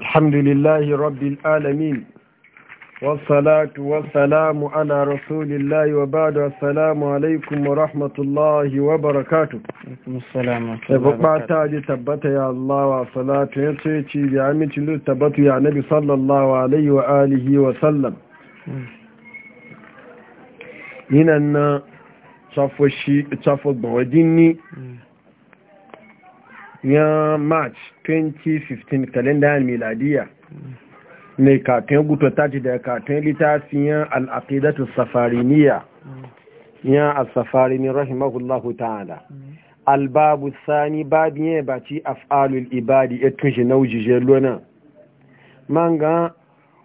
الحمد لله رب العالمين والصلاة والسلام على رسول الله وبعد السلام عليكم ورحمة الله وبركاته السلام عليكم تاج تبت يا الله وصلاة يتشي بعمل تلو تبت يا نبي صلى الله عليه وآله وسلم هنا صفو الشي صفو الضوء يا ماتش 2015 kalendar miladiya ne katon guto taji da katon littafiyan al'aqidatu safariniya ya al-safarini rahimahullahu ta'ala albabu sani babu yin baci af'alul ibadi ya tunshi na wujije lona manga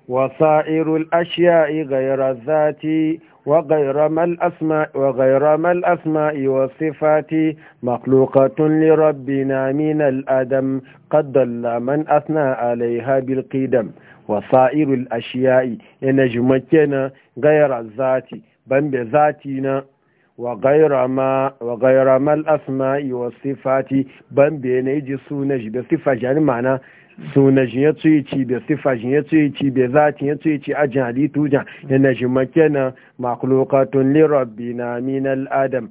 wasa'irul ashiya ga yara zati وغير ما الأسماء, وغير ما الأسماء والصفات مخلوقة لربنا من الأدم قد ضل من أثنى عليها بالقدم وصائر الأشياء ينجمكنا غير الذات بل بذاتنا وغير ما وغير ما الأسماء والصفات بل بين يجي سونج بصفة يعني معنى suna ya tsoye ci bai sifa ya tsoye ci bai zati ya tsoye ci ajin halittu jan yana shi makena makulokatun lirabbi na minal adam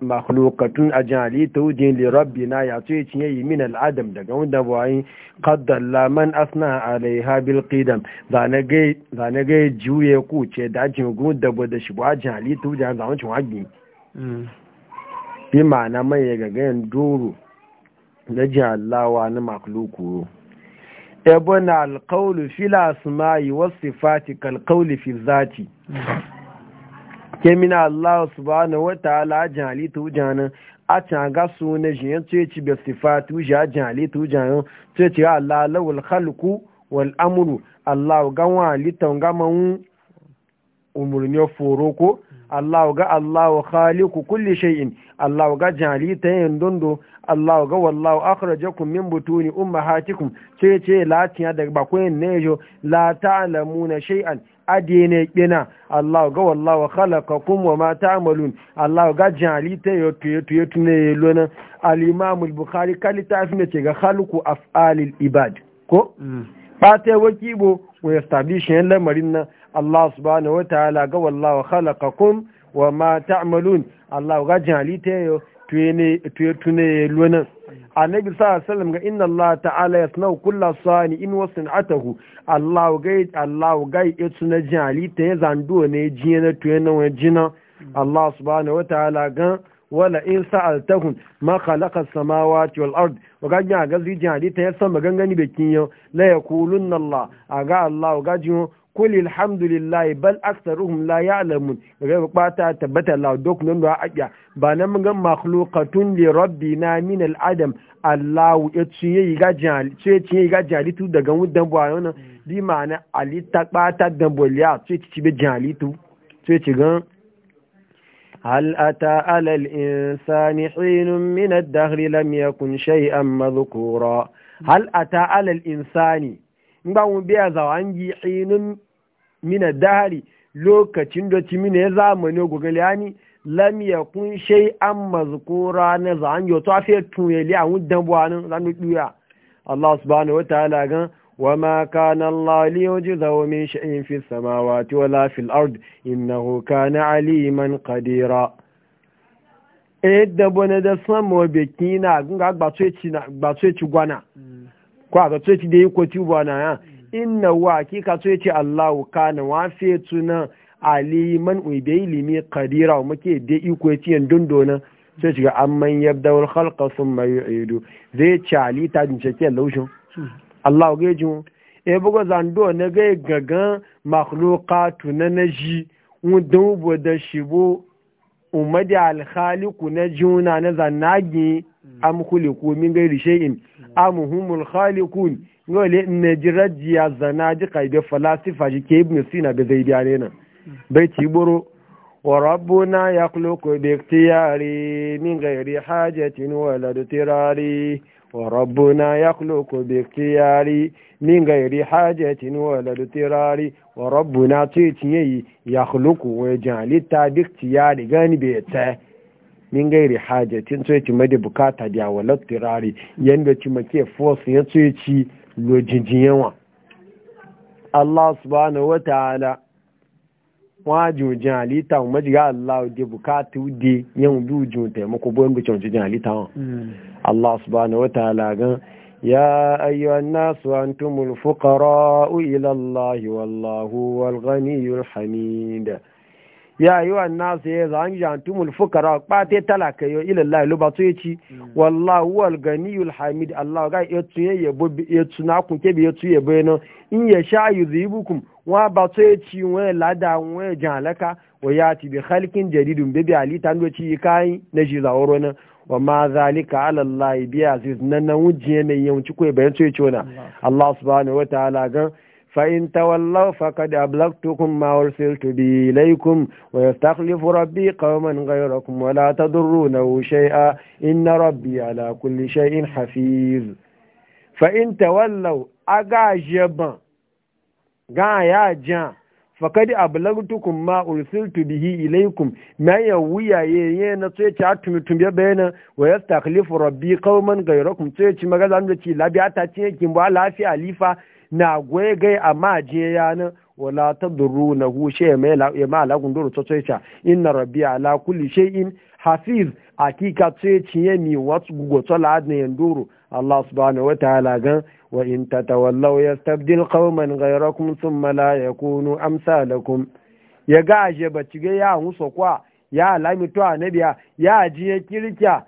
makulokatun ajin halittu jan lirabbi na ya tsoye ci yayi minal adam daga wanda bayan kaddalla man asna alaiha bil qidam zane gai juye ku ce da ajin gudu da bada shi ba ajin halittu jan zama cin wagi mm. bi ma'ana mai ya gagayen doro na jihar lawa na makulokuro ibn alqawlu fil asma'i was sifati kal qawli fi dhati kemina Allah subhanahu wa ta'ala jali tu jana a can ga su ne jiyan tuye ci bi sifatu ja jali tu jana tuye ci Allah lawul khalqu wal amru Allah ga wa litan ga man umurni foro ko Allah ga Allah khaliqu kulli shay'in Allah ga jali ta dondo Allah ga wallahu akhrajakum min butuni ummahatikum ce ce latiya da bakoyin nejo la ta'lamuna shay'an adene kina Allah ga wallahu khalaqakum wa ma ta'malun Allah ga jalita yo tuye tuye ne lona al-imam al-bukhari kalita fi ce ga khalqu af'alil ibad ko fata mm. wakibo wa establishin lamarin nan Allah subhanahu wa ta'ala ga wallahu khalaqakum wa ma ta'malun Allah ga jalita yo tune lunan annabi sa sallam ga inna allah ta'ala yasnau kulla sani in wasu atahu allah gai allah gai ya tuna ta ya zando ne jiye na tuye na wani jina allah subhanahu wa ta'ala gan wala in sa'altahum ma khalaqa samawati wal ard wa ga ga zai jali ya sama magangani bakin yau la yaqulunna allah aga allah ga gajiyo. kul alhamdulillah bal aktharuhum la ya'lamun daga bata tabbata Allah duk nan da akiya ba nan mun ga makhluqatun li rabbina min al-adam Allah ya ga jali ce ga jali tu daga wudan bu yana. di ma'ana ali ta bata dan boliya ce ci be jali tu ce gan هل أتى على الإنسان حين من الدهر لم يكن شيئا مذكورا هل أتى على الإنسان ba mu biya zawangi ainun mina dahari lokacin da ci mina ya zamani gugul ya ni lam ya kun shai an mazukura na zawangi wato afiya tunyeli a wudan buwanin zanu duya Allah subhanahu wa ta'ala gan wa ma kana Allah li yujza wa min shay'in fi samawati wa la fil ard innahu kana aliman qadira e da bone da samo bekina gun ga gbatwe ci na gbatwe ci gwana hmm. ko a tsoye ci da yi ko tuba na ya mm. inna wa hakika tsoye ci Allahu kana wa fi tuna aliman ubi ilimi qadira wa muke da iko ci yan dundona sai shiga amman yabda khalqa thumma yu'idu zai ci ali ta din cike laushu hmm. Allahu ga ji e bugo zando na ga gagan makhluqatu na naji un dubo da shibo umadi al khaliqu na juna na zanagi hmm. am khuliqu min gairi shay'in amuhumul khaliqun ngole ne jirajiya zanaji kaibe falasifa ji ke ibn sina ga zaidiya ne nan bai ci boro wa rabbuna yakhluqu bi ikhtiyari min ghairi hajatin wala dirari wa rabbuna yakhluqu bi ikhtiyari min ghairi hajatin wala dirari wa rabbuna tiyyi yakhluqu wa jalita bi ikhtiyari gani bi ta min gairi hajatin so ci mai da bukata da wala tirari yadda ci make force ya so ci lojijin yawa Allah subhanahu wajin wajojin halitta wọn majiga Allah da bukata da yan dujun taimako bayan bucin wajen halitta wa. Hmm. Allah subhanahu wataala gan يا أيها الناس أنتم الفقراء إلى الله والله هو الغني hamida ya yi wa nasu ya zan jantumul fukara kpate talaka yau ilallah lu ba su ci mm. wallahu wal ganiyul hamid allah ga yatsu ya yabo yatsu na kun kebe yatsu ya bayano in ya sha yuzibukum wa ba su ci da lada wa jalaka wa ti bi khalqin jadidun bi bi ali tan doci kai na shi zaworo na wa ma zalika ala allah bi aziz nan nan wujiye ne yawanci ko bayan su ci allah subhanahu wa ta'ala gan فإن تولوا فقد أبلغتكم ما أرسلت به إليكم ويستخلف ربي قوما غيركم ولا تضرونه شيئا إن ربي على كل شيء حفيظ فإن تولوا أجاجبا جا فقد أبلغتكم ما أرسلت به إليكم ما يويا يينا تيتي أتمي تمي بينا ويستخلف ربي قوما غيركم تيتي مغازان تيتي لابي أتاتي كمبوا لافي أليفا na gwegai a maje ya yana wala duru na hushe ya mai la ya mala kun duru to tsaita rabbi ala kulli in hafiz hakika tsaye ciye mi wasu gugoto tsala ne duru Allah ba wa wata halagan wa in tawallau ya qauman kawman gaira kuma sun mala ya gaje batige ya huso kwa ya alami to anabiya ya ya kirkiya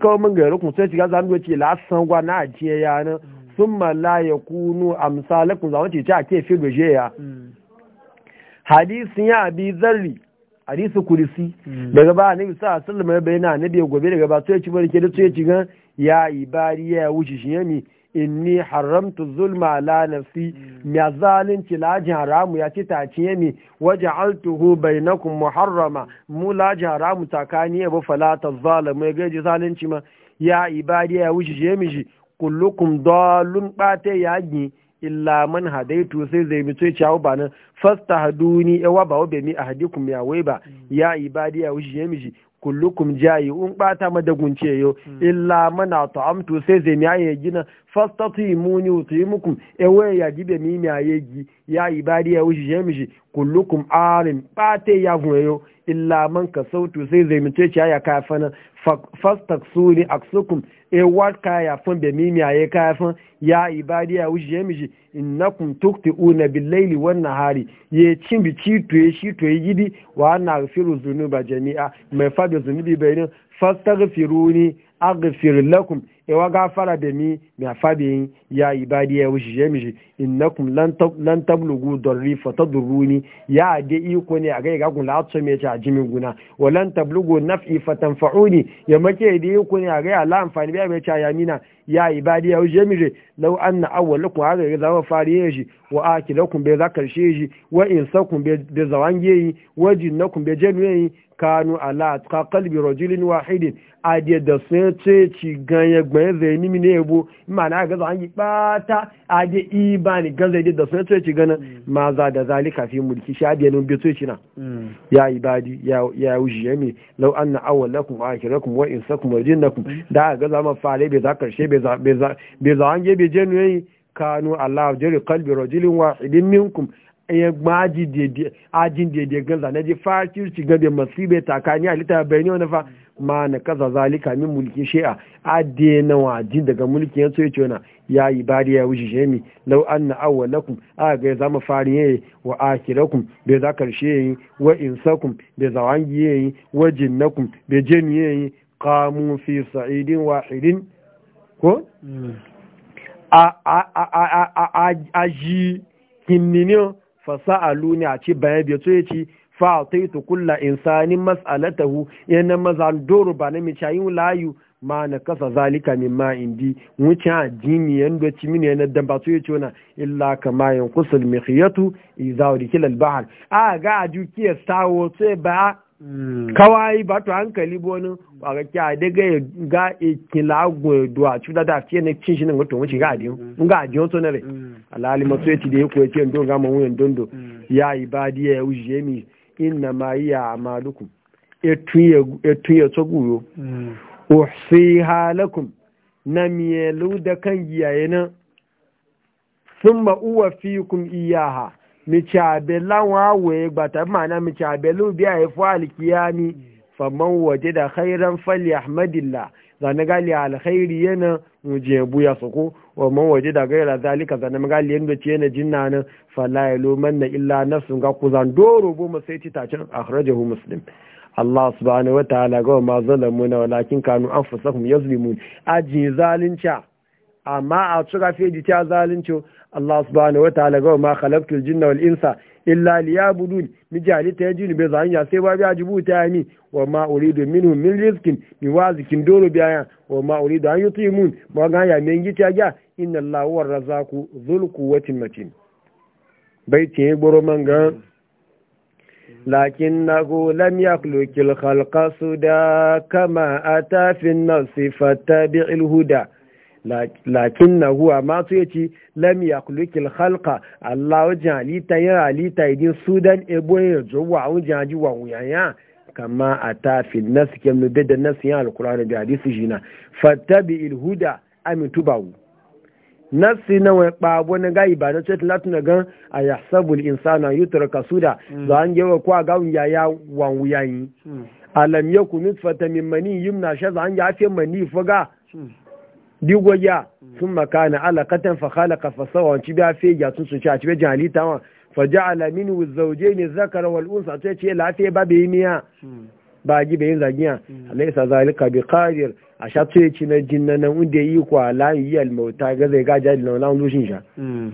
kawman gaira kuma sun shiga zan ce la san gwa na ajiye yana summa la yakunu amsalakum zawo ce ta ke fi doje ya hadisin ya abi zarri hadisi kursi mm. daga ba annabi sallallahu alaihi wasallam bayyana annabi gobe daga ba sai ci barke da sai ci gan ya bari ya wuce shi yami ni haramtu zulma ala nafsi mm. ya zalunci lajin haramu ya ci tace ne waje altuhu bainakum muharrama mu lajin haramu takani ya bu falata zalama ya gaji zalunci ma ya ibadi ya wuce je mishi kullukum dalun bate yagi illa man hadaitu sai zai mi ce ciyawo ba nan fasta haduni wa ba wabe mi ahadikum ya wai ba mm. ya ibadi ya wuce ya miji kullukum jayi un bata madagunce yo mm. illa mana ta'amtu sai zai mi aye gina fasta tuimuni utimukum ewa ya gibe mi mi aye gi ya ibadi ya wuce ya kullukum arin bate ya vun illa man ka sautu sai zai mace ci ya kafana fastak suri aksukum e wat kaya fun be mimi ya kafan ya ibadi ya wuce miji innakum tuqti'una bil laili wan nahari ye cin bi ci to ye shi to ye gidi wa ana firu zunuba jami'a mai fada zunubi bayin fastaghfiruni aghfir lakum ewa gafara da mi mi afabin ya ibadi ya wuce ya mishi innakum lan tablugu darri fatadurruni ya ade iko ne a ga ga kun latso me ta jimin guna wa lan tablugu naf'i tanfa'uni ya make da iko ne a ga ala amfani biya me ta yamina ya ibadi ya wuce mishi law anna awwalukum haka ga zama fariye shi wa akilukum bai za karshe shi wa insakum bai zawange yi wa jinnakum bai jenu yi kanu ala atqa qalbi rajulin wahidin adiye da sai ce ci ganye Mm. Mm. ya zai nimi ne ya yabo ma na gaza an yi bata a je ibani gaza da sun ce ci ganin ma za da zali fi mulki sha biya nun bito ci na ya ibadi ya ya wuji ya mi law anna awwalakum wa akhirakum wa jin na jinnakum da a gaza ma fale bai za karshe bai za bai za an je bai je ne kanu allah jari qalbi rajulin wahidin minkum ya gbaji ajin daidai gaza na ji fa fakirci gabe masu bai takani a littafin bayani wani fa ma na kaza zalika min mulkin shi'a adde na waji daga mulkin ya ce cewa ya yi bari ya wuce shemi awa na awwalakum a ga zama fari yayi wa akhirakum bai za karshe yayi wa insakum bai zawangi yayi wa jinnakum bai jeni yayi kamu fi sa'idin wahidin ko a a a a a a ji a ci bayan bai so ci. fa kulla insanin mas'alatahu yana mazan doro ba na mi chayin layu ma na kasa zalika min ma indi wuce addini yanda ci mini yana dan ba ya cona illa kama yanqusul mihiyatu iza wuri al-bahr a ga ajuki sawo sai ba kawai ba to hankali bonu ba ga kya daga ga ikila gun a cuda da fiye ne cin shi ne to wuce ga adi mun ga adiyo to ne re alali masoyaci da yake ko yake don ga mun dondo ya ibadi ya uje mi inna ma yi a amalukum etun ya tsoguyo mm. uhsi halakum na miyelu da kan giyaye na sun ma'uwa fi kum iyaha mici abe lawa waye ba ta mana mici abe lubi a alkiya alkiyami famman waje da khairan fali ahmadillah zanagali alkhairi yana muje buya soko wa man waje da gaira zalika zanen maga liyan da ciye na jinna nan fala ya na illa na illa ga ku zan doro ci tace a titacin hu musulun Allah ni wata ta'ala ga ma zalamu na walakin kanu an anfusahum yazlimun aji zalunca amma a fiye feji ta zalunci Allah ni wata ta'ala ga ma khalaqtul jinna wal insa illa liya ni jali ta yajini bai zanya sai ba biya jibu ta yami wa ma uridu minhum min rizqin mi wazikin dolo biya wa ma uridu an mun ba ga ya men gita ga inna Allah huwa razzaku dhul quwwatin matin baitin ya gboro man ga lamya lam halka su da kama a tafin an-nafsi bi ilhuda. lakin na huwa masu ya ci lamya ya halka Allah wajen halitta yin halitta idin sudan ebo yin zuwa wajen haji wa wuyanya kama a tafin nasu kemnu da su yin alkulani da hadisi shi na bi ilhuda amintu bawu nasi na wani ɓabo na gayi ba na ce tilatu na gan a ya sabul insana yutar da mm. za an yi kuwa kwa gawun ya ya wan wuyayi mm. alam ya ku nutfata min mani na sha za an yafe mani faga mm. digo ya sun makana alakatan fa khalaqa fa sawa ci biya fe ya sun suci a ci biya jalita wa fa ja'ala minhu ne zakara wal unsa ce ce lafiya yi miya ba gi bayin zagiya mm. laisa zalika bi qadir a sha tsaye ci na jinna nan inda yi kwa la yi almauta ga zai ga jadi na lan lushin sha mm.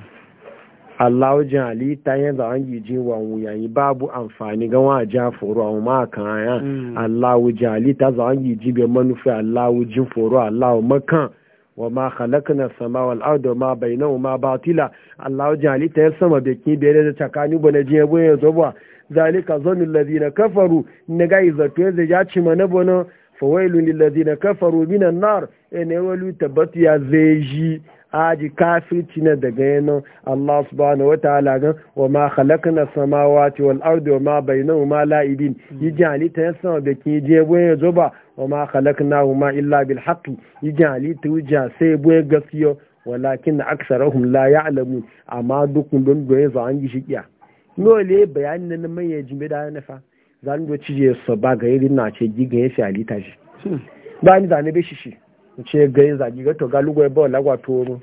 Allah wajen ali ta yin da an wa wuyayi babu amfani ga wa ja foro a wuma kan aya mm. Allah wajen ali ta za an yi ji manufi Allah wajen foro Allah makan wa ma halakana sama wa al'adu ma ma batila Allah wajen ali ta sama be bai yi da takani bane jiya bo ya zo zalika zannin lazina kafaru na gai zato ya zai ci mana bana fawailun lillazina kafaru minan nar ene walu tabbatu ya zai ji aji kafirci na daga yana Allah subhanahu wataala gan wa ma khalaqna samawati wal ardi wa ma bainahuma la'ibin yiji halitta ya sama da kin je bo ya zoba wa ma khalaqnahuma illa bil yi yiji halitta wuja sai bo gaskiyo walakin aksarahum la alamu amma dukun don do ya zo an yi shikiya nole bayani na mai ya jimbe da nafa zan do cije so ba ga irin na ce gigan ya fi ta shi ba ni zane be shishi ce ga yin zagi ga to ga lugo e ba lagwa to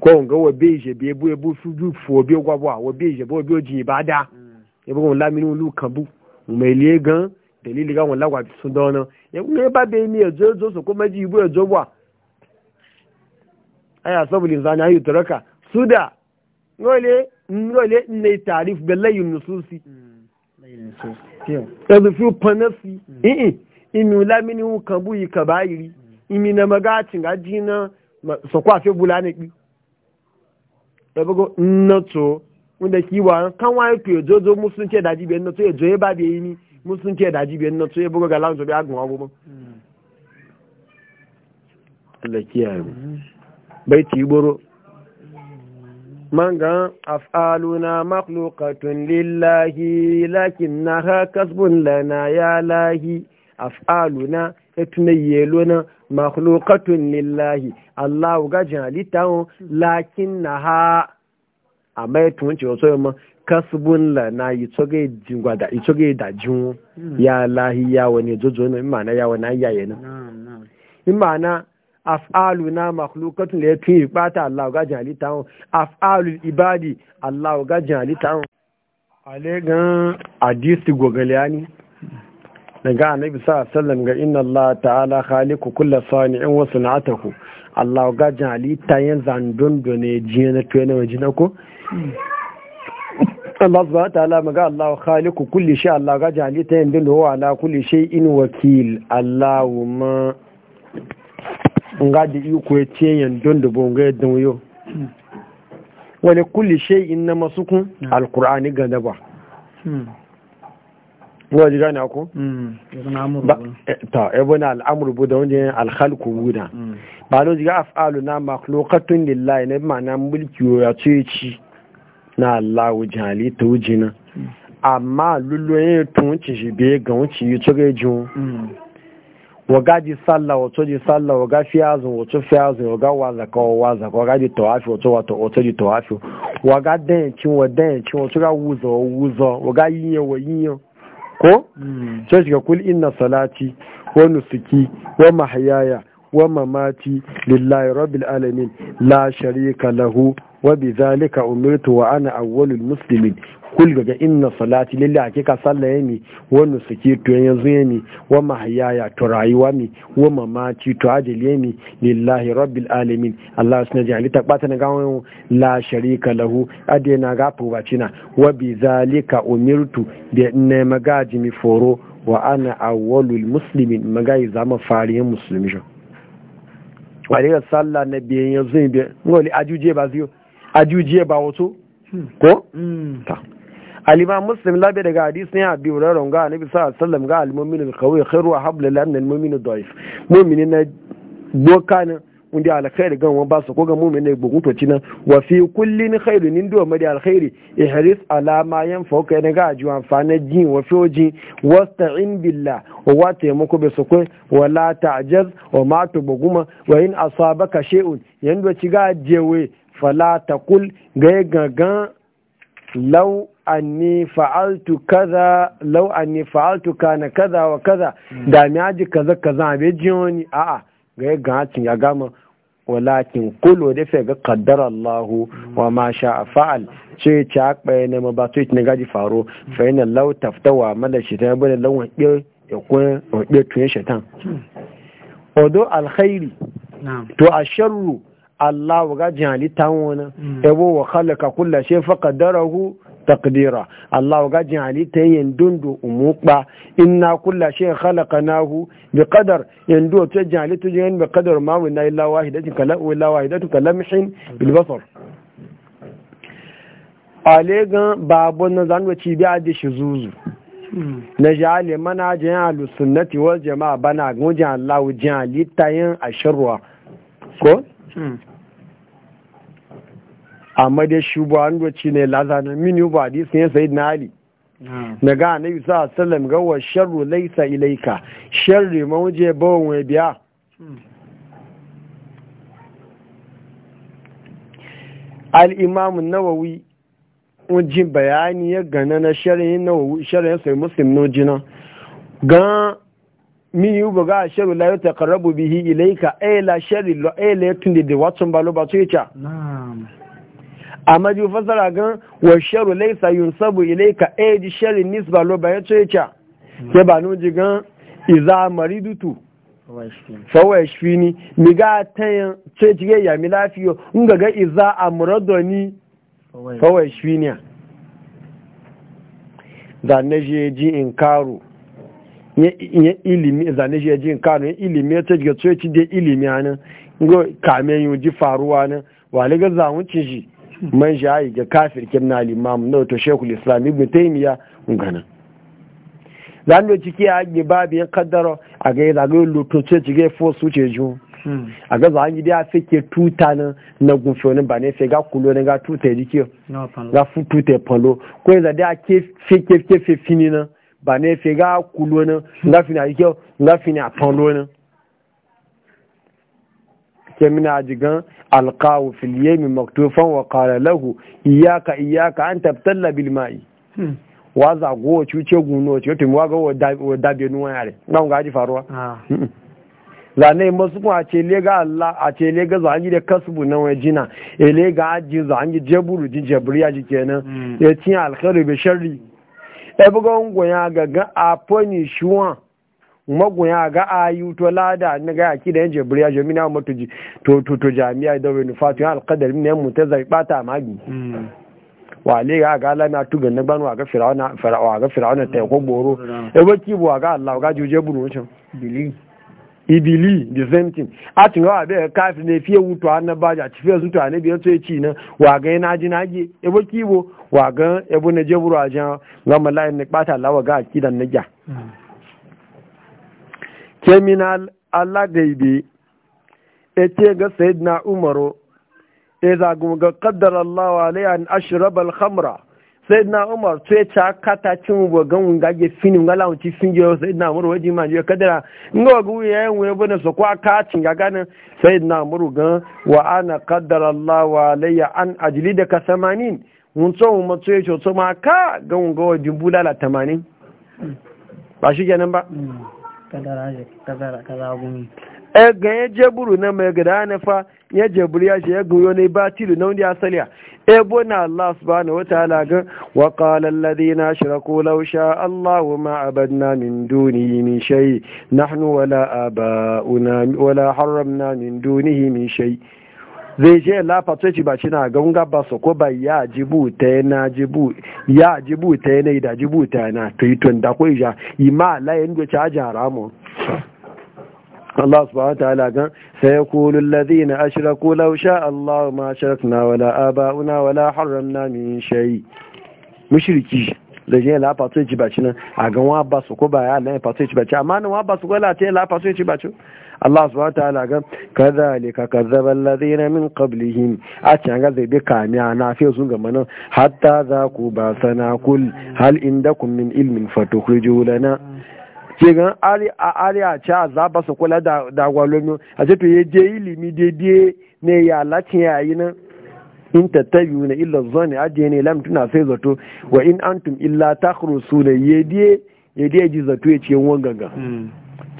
ko nga wo be je be bu e bu su du fo be gwa bwa wo be je bo bi oji ba da e bo la minu lu kan bu me le gan dalili ga won lagwa sun don na e me ba be mi ejo e jo so ko ma meji ibu ejo bwa aya sabulin zani yi taraka suda ngole ngole ne tarif ga layin nususi ɗazu mm, mm. fi panasi mm. i'i imi lamini ka buyi ka bayiri imi na magacin gaji na sakwa fi bula na ɗi ɗabago nnato wanda kiwa kan wani to ya jojo musun ce daji biyan nato ya joye ba biya ni musun ce daji biyan nato ya buga ga lanzo biya gun agogo Allah kiyaye mu bai ti goro mangan af'aluna makhluqatun lillahi lakinnaha kasbun lana ya lahi af'aluna etuna yelona makhluqatun lillahi allahu ga jalita lakinnaha amma etun ci so yamma kasbun lana yitoge jingwada yitoge dajun ya lahi ya wani jojo na imana ya wani ayaye na imana af'alu na makhlukatun da ya tun yi Allah ga jali tawon af'alu ibadi Allah ga jali tawon ale gan hadisi gogaliani daga annabi sallallahu alaihi ga inna Allah ta'ala khaliqu kulli sani'in wa sun'atuhu Allah ga jali zan zandun done jina to ne wajina ko Allah subhanahu wa ta'ala maga Allah khaliqu kulli shay Allah ga jali tayin dun huwa ala kulli shay'in wakil Allahumma nga da iko ya ce yandon da bonga ya dan yau wani kulli in hmm. hmm. hmm. na kun alkur'ani ga daba wa ji gane ku eh, ta ibn al'amru bu da wani yin alhalku buda ba na ji ga af'alu na makulokatun lillahi na na mulki ya ce ci na Allah wujali ta na amma lullo yin tun ci shi be ga wuce yi tsogajin waga ji sallah wato ji sallah waga fiyazin wato fiyazin waga wazaka wa wazaka waga ji tawafi wato wato wato ji tawafi waga dayancin wa dayancin wato ga wuzo wa wuzo waga yiyan wa yiyan ko mm. sai shiga kul inna salati wa nusuki wa mahayaya wa mamati lillahi rabbil alamin la sharika lahu wa bi zalika umirtu wa ana awwalul muslimin kul gaga inna salati lillahi hakika sallaye mi wa nusuki to yanzu yemi wa mahyaya to rayuwa mi wa mamaci to ajali mi lillahi rabbil alamin allah sunna ta bata na gawo la sharika lahu ade na gafu bacina wa bi zalika da ne magaji mi foro wa ana awwalul muslimin magayi zama fariyan musulmi jo wa sallah na biyan yanzu bi ngoli ajuje ba ziyo ajujiye ba wato hmm. ko hmm. ta alima muslim labe daga hadis ne abi hurairah ga annabi sallallahu alaihi wasallam ga al-mu'min kawai qawi khairu habla lan al-mu'min ad-da'if mu'minin na bokanin wanda alkhairi gan wa ba su ko ga mu'min ne bugun to cinan wa fi kullin khairin nin duwa madi alkhairi ihris ala ma yanfauka ne ga ajiwa amfani jin wa fioji wasta'in billah wa ta taimako be su kai wa la ta'jaz wa ma tubuguma wa in asabaka shay'un yanda ci ga jewe fala taqul ga gangan law anni fa'altu kaza law anni fa'altu kana kaza wa kaza hmm. da mi aji kaza kaza be wani a a ga ga tin ya gama walakin kulo da fe ga kaddar Allahu hmm. wa ma a fa'al ce ci akpa na ma ba to ne gaji faro hmm. fa lau tafta taftawa mada shi ta lau wa ke ya kun ya tuye shaitan odo alkhairi to a sharru. Allah ga jali tawona mm. ebo wa khalaqa kulla shay qaddarahu taqdira Allah ga jihali tayin dundu umuqba inna kulla shay khalaqnahu qadar yandu ta jali bi qadar ma min illa wahidatin kala wala wahidatu kalamhin bil basar alegan babon na zanwa ci bi adi shuzuzu mm. na jali mana jan alu sunnati wal jamaa bana gojin Allah jali tayin ashirwa ko mm. amma dai shi ba an doci ne lazanin mini ba di sun yi na ali na ga annabi sa sallam ga wa sharru laisa ilaika sharri mawje bawon wai biya hmm. al'imamun imam nawawi wajen bayani ya gana na sharhin nawawi sharhin sai muslim no jina ga mini yi buga a shirin la yata karabu bihi ilaika ayla eh sharri eh la ayla tunde da watsun balo ba su yace na'am amma ji fasara gan wa sharu laysa yunsabu ilayka ay e di sharri nisba lo bayan tsoyecha ke ba hmm. nuji gan iza maridutu fawa yashfini mi ga tayin tsoyechi ga ya mi lafiyo in ga ga iza amradoni fawa yashfini da na je ji in karo ya ilimi da na je ji in karo ya ilimi ya tsoyechi da ilimi anan ngo kame yi ji faruwa nan wale ga zamuci shi man shayi ga kafir kin na imam na to shekul islam ibn taymiya ngana zan do ciki a ge babu ya kaddaro a ga ya ga lutu ce cike fo su ce ju hmm. a ga zan yi da fike tuta na na gunfonin ba ne fe ga kulo ne ga tuta jiki ga fu tuta polo ko da da ke fike fike fini na ba ne fe ga kulo ne ga fini a jiki ga fini a ne kemina ajigan alqahu fil yami maktufan wa qala lahu iyaka iyyaka an tabtalla bil ma'i hmm. wa za go cuce guno ce to wa ga wa dabe nuwa yare nan ah. hmm. ga ji faruwa zane masu kuma a ce lega Allah a ce lega zangi da kasbu na wani wajina e lega aji zangi jeburu ji jabriya ji kenan hmm. ya ci alkhairu bi sharri e bugon goya ga ga a poni shuwan magoya ga ayu to lada na ga aki da yanzu buriya jami'a mutu to to to jami'a da wani fatu ya alqadar min mu ta zai bata magi mm. wa le ga ga la na tuga na banwa ga fir'auna fir'auna ga fir'auna ta ko boro e ba ki bo ga Allah ga juje buru wancan bili ibili the same thing a tun ga be kafin ne fiye wuto an ba a ci fiye zuto ne biyan sai ci na wa ga yana ji na ji e ba ki bo wa ga e bu na je buru a jan ga mala'in ne bata lawa ga akidan na ja kemina alagaibe e ce ga sayidina umaru e zagun ga kaddar Allah wa alaiya an ashirabal khamra sayidina umar to ya ca kata cin wagan wunga ga fini wunga lawon ci fin ge sayidina umar waji ma je kaddara nga ga wuya yan wuya bane su kwa ka cin ga ganin sayidina umar ga wa ana kaddar Allah wa alaiya an ajili da ka 80 mun so mu to ya ce to ma ka ga wunga wajin bulala 80 ba shi kenan ba hmm. ga ya e jeburu na mai gada na fa ya jeburu ya shi ya goyo ne ba tilu na wani asaliya ebo na Allah subhanahu wa ta'ala ga wa qala alladhina ashraku law sha Allah ma abadna min dunihi min shay nahnu wala abauna wala harramna min dunihi min shay' zai je lafa sai ci baci na ganga ba su ko bai ya jibu ta yana jibu ya jibu ta yana da jibu ta yana to yi tun da kwai ja ima la yin da cajin haramun Allah subhanahu ta'ala gan sai ya kulu ladina ashraku law sha Allah ma sharakna wala aba'una wala harramna min shay mushriki da je la fato ci na nan a gan ba su ko ba ya la fato ci baci amma nan wa ba su ko la te la fato ci Allah subhanahu ta'ala ga kadhalika kadzaba alladhina min qablihim a can ga zai bi kamiya na fi sun gama nan? hatta za ku ba sana kul hal indakum min ilmin fatukhrijuhu lana ce gan ari a ari a za ba su kula da da gwalomi a ce to ye je ilimi daidai ne ya latin yi nan in tattabi'una illa zanni ajene lam tuna sai zato wa in antum illa takhrusu la ya yediye ji zato ya ce wangaga hmm.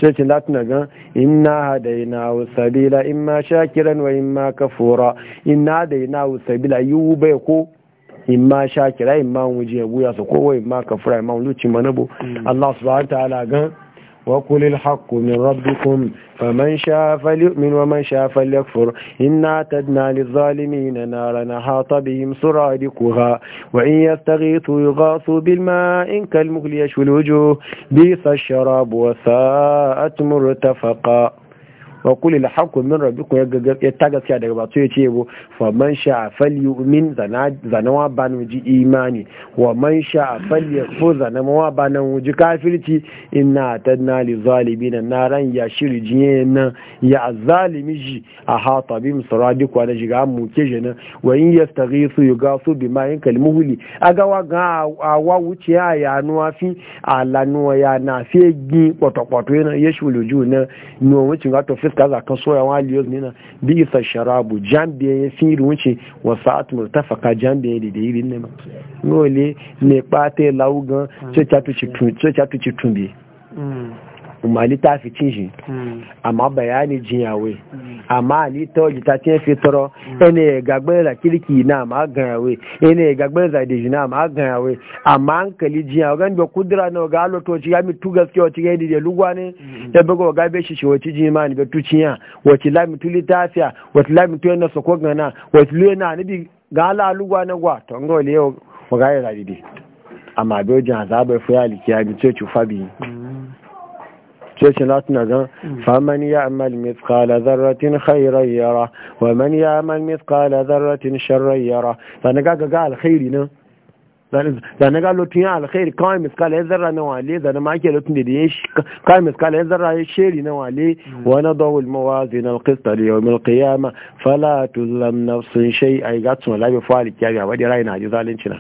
sai ce latin ga inna hadaina wa sabila imma shakiran wa imma kafura inna hadaina wa sabila yu bai ko imma shakira imma wuje buya su ko wa imma kafura imma luci manabo mm. Allah subhanahu wa ta'ala gan وقل الحق من ربكم فمن شاء فليؤمن ومن شاء فليكفر إنا اعتدنا للظالمين نارا أحاط بهم سرادقها وإن يستغيثوا يغاثوا بالماء كالمغل يشوي الوجوه بيس الشراب وساءت مرتفقا wa kulli al-haqqu min rabbikum ya ta gaskiya daga ba ya ce go fa man sha falyu'min zanawa banu wuji imani wa man sha falyakfur zanawa banu wuji kafirci inna tadna li zalimin naran ya shirjiye nan ya zalimi ji a hata bi musradi kwa da jiga mu ke jina wa in yastaghisu yugasu bima in a aga wa ga wa wuce ya nuwa fi a lanuwa ya na fi gin potopoto ya shi ju na nuwa wucin ga to fi iska za kan soya wa liyos ne na bi isa sharabu jambiyan ya fi wuce wa sa'at jan jambiyan da da irin ne ma ngole ne kpate laugan ce mm. chatu chitumbe ma littafi cin shi hmm. amma bayani jiyawai hmm. amma ni ta waje ta ce fitoro toro. ya hmm. gagbar da kirki na ma ganyawai ina ya gagbar da deji na ma ganyawai amma hankali jiyawa gan da kudura na ga alotoci ya mi tu gaske wace ga da lugwa ne da buga ga be shi shi wace ji ma ni ga tuciya wace lami tu littafiya wace lami tu yana sako gana wace lu yana ni ga ala lugwa na gwa to ngo le yau ga ya da dide amma bai jin azabai fuyali kiya bi ce ci fabi cocin latin gan فمن ya مثقال mithqala dharratin khairan yara wa man ya amal mithqala dharratin sharran yara sanan ga ga ga lotin ya alkhairi kawai miskala ya zarra na wale zane ma ake lotun da ya kawai miskala ya zarra ya sheri na wale wa na dawul mawazin alqista li yawmil qiyama fala tuzlam nafsun shay'a ga tun labi fa alkiya ba dai rai na ji zalunci na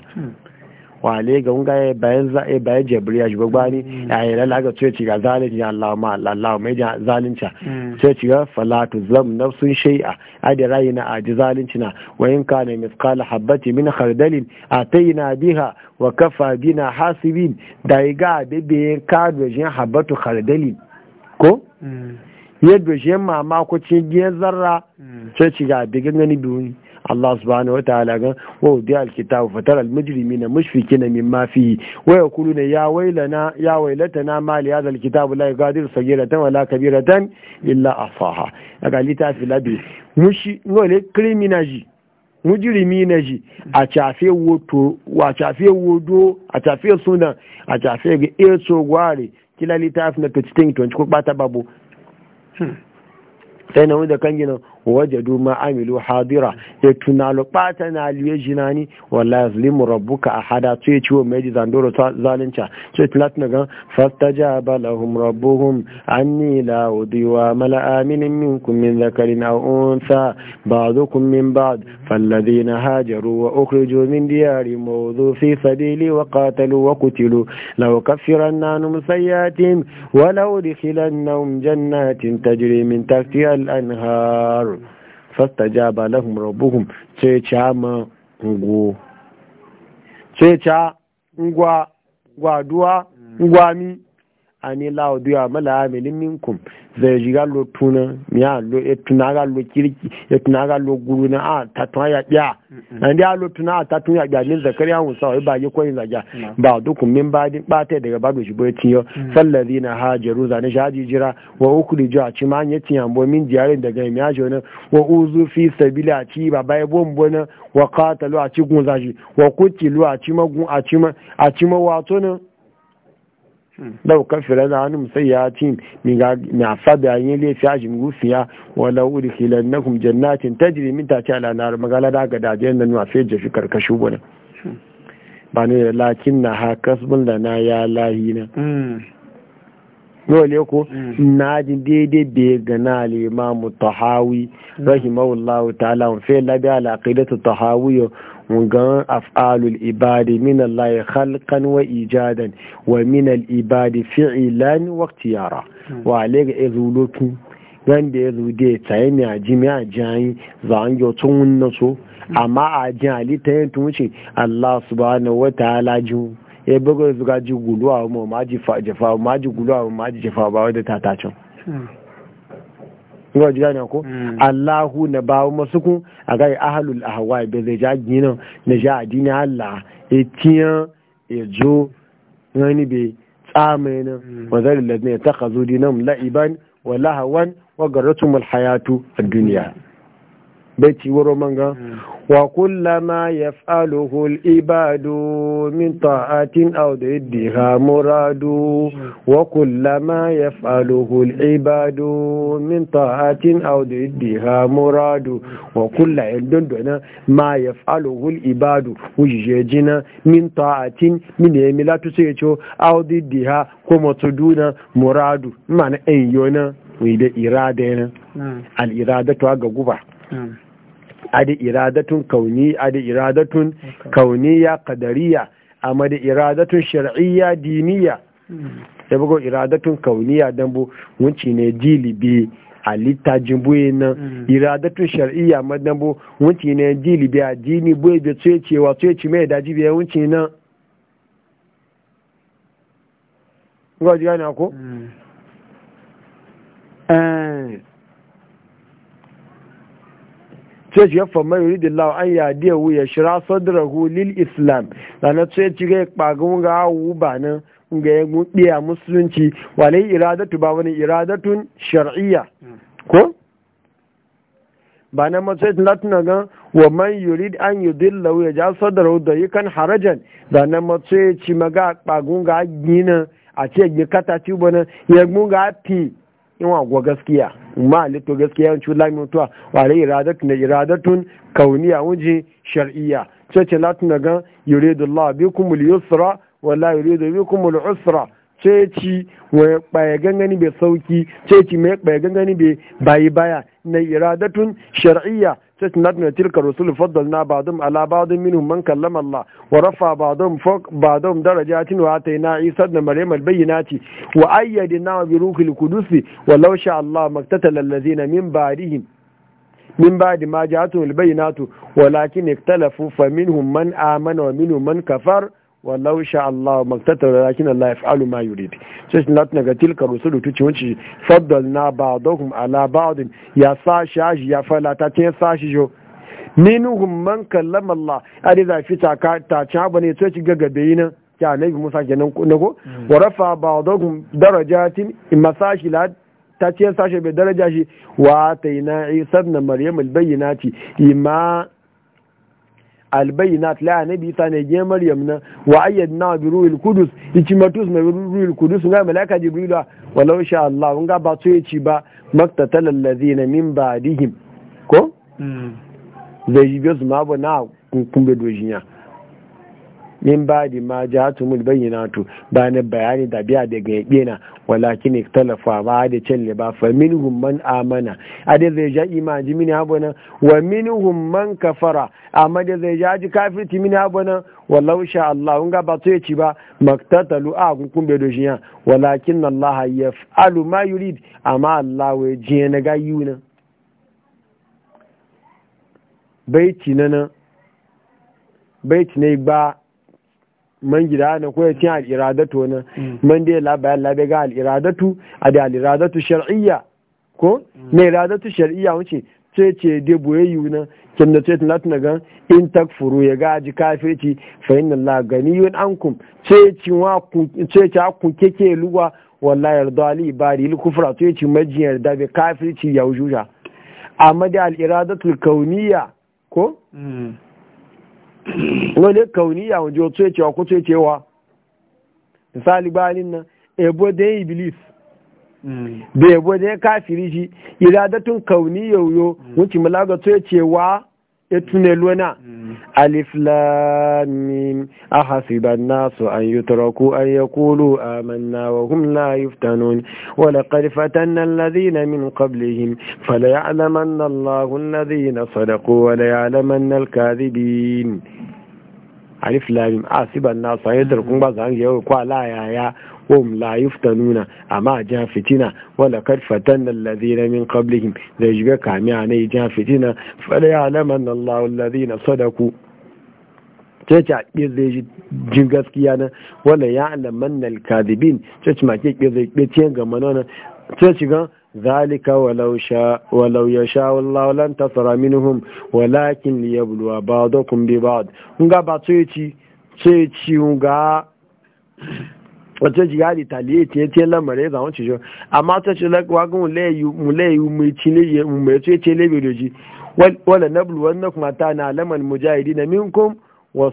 wale ga unga bayan za a bayan jabriya shi gbagbani mm. a yi lalaga sai ci ga zalunci Allah ma Allah mai zalunci mm. sai ci ga falatu zam nafsun shay'a a da rayi na aji zalunci na wa in kana misqala habati min khardalin ataina biha wa kafa bina hasibin da ga bebe ka dojin habatu khardalin ko mm. yadda shi mama ko cin giyar zarra sai ci ga bigin gani duniya Allah subhanahu wa ta'ala ga wa udi alkitabu fatara almujrimina mushfikina mimma fihi wa yaquluna ya waylana ya waylatana ma li hadha alkitabu la yughadiru sagiratan wala kabiratan illa ahsaha daga litafi labi mushi ngole criminaji mujirimi na ji a cafe woto a cafe wodo a cafe suna a cafe ga eso gware kila litafi na 2020 ko bata babu hmm. sai na wanda kan gina wajadu ma amilu hadira ya lo pata na jinani wala zlimu rabbuka ahada hada ya ciwo mai ji zandoro zalunca sai tilat na gan fastajaba lahum rabbuhum anni la udiwa mala aminin minkum min dhakarin aw unsa ba'dukum min ba'd na hajaru wa ukhriju min diyari mawdhu fi sabili wa qatalu wa qutilu law kaffiranna anhum sayyi'atihim wa law udkhilannahum jannatin tajri min tahtiha anhar fastajaba lahum rabbuhum sai cha ma ngo sai cha ngwa gwaduwa mm. ngwami ani laudu ya mala amilin minkum zai lo tuna miya lo etuna ga lo kirki etuna ga lo guru na a tatun ya ya an da lo tuna a tatun ya ya min zakari an wusa e ba yi koyin zaja ba duk min ba din bata daga ba shi boye tiyo fallazina hajaru zane shaji jira wa ukhriju a ci man tiya bo min jiyarin daga miya ajo na wa uzu fi sabila ci ba bai bombo na wa qatalu a ci gun zaji wa kutilu a ci gun a ci ma a ci ma wato na Daukar kafira hannu sai ya ci na fada yin laifi a jin wala wuri hilar na kuma jannatin ta jiri min tace alanar magala da ga dajiyar nan ma fiye jafi karkashi wani ba ne da lakin na ha kasbin da na ya lahi na dole hmm. ko hmm. na ji daidai da ya gana limamu tahawi hmm. rahimahullahu ta'ala fi labi ala aqidatu gan af'alul ibadi min Allah khalqan wa ijadan wa min al ibadi fi'lan wa ikhtiyara hmm. wa alega ezuluki gan da yazo da tsaye ne a jimi a jayi za an yi tun wannan so hmm. amma a jin halitta yin tun wuce Allah subhanahu wa ta'ala ji ya e bugo zuga ji guluwa ma ji fa jafa ma ji guluwa ma ji jafa ba wadda ta tacin hmm. yau ji gane ko mm. Allahu na ba masu kun a gai ahalul ahawai bai zai ja ginin na ja addini Allah ya tiya ya zo wani bai tsamai nan wazari lalzina ya taka zo la'iban wa lahawan wa garatun malhayatu a duniya beti woro manga wa kula ma yaf'aluhu al-ibadu min ta'atin aw dayyiha muradu wa kula ma yaf'aluhu al-ibadu min ta'atin aw dayyiha muradu wa kula indun dana ma yaf'aluhu al-ibadu wujjejina min ta'atin min yamila tusecho aw dayyiha kuma duna muradu mana en yona wida irada na al-irada to ga guba adi iradatun kauni adi iradatun kauniya kadariya amma da iradatun shar'iyya diniya da hmm. bugo iradatun kauniya dan bu wunci ne dilibi a littajin buye na hmm. iradatun shar'iyya madan bu wunci ne dilibi a dini buye da tsoye cewa tsoye ci mai daji biya wunci na. ji gane ko? Hmm. sai ci yafa mai yuri dillawa an yadi ya wuya shira hu lil islam ranar sai ci ga kpagun ga awu ba nan ga ya ɗiya musulunci wale iradatu ba wani iradatun shar'iyya ko ba na matsayin latin ga wa man yurid an yi dilla ya ja hu da yi kan harajan da na matsayin ci maga kpagun ga gina a ce gikata ci bana ya ga fi in wa gaskiya ma lito gaskiya yawanci lamin mutuwa ware iradatu da iradatun kauniya wuje shar'iyya cece latin da gan yuridu Allah bikum al-yusra wala yuridu bikum al-usra ceci wai baya gangani bai sauki ceci mai baya gangani bai bayi baya na iradatun shar'iyya استثنتنا تلك الرسل فضلنا بعضهم على بعض منهم من كلم الله ورفع بعضهم فوق بعضهم درجات وآتينا عيسى ابن مريم البينات وأيدناه بروح القدس ولو شاء الله ما اقتتل الذين من بعدهم من بعد ما جاءتهم البينات ولكن اختلفوا فمنهم من آمن ومنهم من كفر wallahu sha Allah maktatar lakin Allah ya fa'alu ma yurid sai sun latin ga tilka rusulu tuci wuce faddal na ba'dahum ala ba'din ya sa shashi ya fala ta ce shi jo minhum man kallama Allah ade za fi ta ta ci haba ne sai ci gagabe yi nan ya nabi Musa kenan ko nago mm. wa rafa ba'dahum darajatin imma sashi la ta ce shi bai daraja shi wa tayna isa ibn maryam albayyinati ima albayinat la nabi ta ne je maryam na wa ayyadna bi ruhil qudus ichi matus mai ruhil qudus ga malaika jibril law sha Allah ga ba to yaci ba maktatal alladhina min ba'dihim ko hmm. zai yi ma ba na kumbe dojinya min ba di ma ja tu mul bayyinatu ba na bayani da biya daga yabe na walakin ikhtalafa ba da challe ba fa minhum man amana ade zai ja imanji min abuna wa minhum man kafara amma da zai ja ji kafirti min abuna wallahu sha Allah un ga ba to yaci ba maktatalu a kun kun be doshiya walakin Allah yaf'alu ma yurid amma Allah wai ji na ga yuna baiti na baiti ne ba man gida na ko ya cin al'iradatu na mm. man dai labayan labe ga al'iradatu a da al'iradatu shar'iyya ko mm. na iradatu shar'iyya wuce ce ce dai boye yiwu na kin da ce tun ga gan in takfuru ya ga ji kafirci fa inna la ganiyun ankum ce ci wa ce ci ku keke luwa wallahi yarda ali bari il kufra to ce majiyar da be kafirci ya wujuja amma da al'iradatu kauniyya ko mm. wani kauni wajen wato ya cewa ko tsoye cewa misali bayanin nan ebo da iblis da ebo da kafiri shi iradatun kauniya yoyo wuce mm. mulaga tsoye cewa etunelona alif lam mim ahasiba an-nasu an yutraku an yaqulu amanna wa hum la yuftanun wa laqad fatanna alladhina min qablihim falaya'lamanna Allahu alladhina sadaqu wa laya'lamanna al-kadhibin alif lam mim ahasiba an-nasu an ba zan yaya قوم لا يفتنون amma جاء fitina wala kad fatanna alladhina min qablihim da shiga kamiya ne ja fitina fala ya'lamanna sadaku cece a ƙirze jin gaskiya na wanda ya alaman na alkadibin cece ma ke ƙirze ƙirce ga manona cece gan zalika walau ya sha wallahu lan tasara walakin bi ga ba ga wata jihadi taliye ce ce lamare za wanci jo amma ta ce lagwa ga mulayu yi cile mai ce ce lebe doji wala nablu wannan kuma ta na alamar mujahidi na minkum wa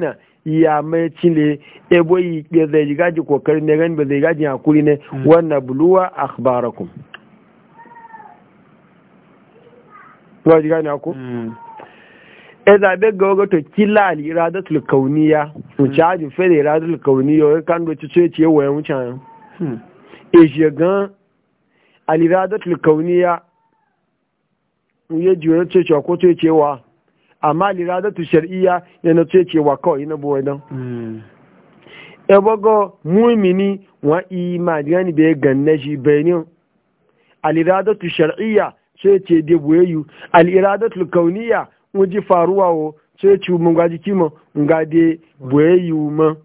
na ya mai cile ebo yi ke zai ji gaji kokari ne gani ba zai gaji hakuri ne wannan hmm. buluwa akhbarakum. Wa ji gani ako? ezabe ga wato kila al iradatul tulkauniya wuce haji fere iradatul tulkauniya wani kan doci so ya ce wayan hmm. wucen e shegan al iradatul tulkauniya ya ji wani ce cewa ko ce wa amma al iradatul shar'iyya yana ce wa kawai na buwai don hmm. bago mumini wa imani yani bai ganna shi benin al iradatul shar'iyya sai ce dai buwayu al iradatul tulkauniya waje faruwa wo sai ci mun kima mun gade boye yiwu ma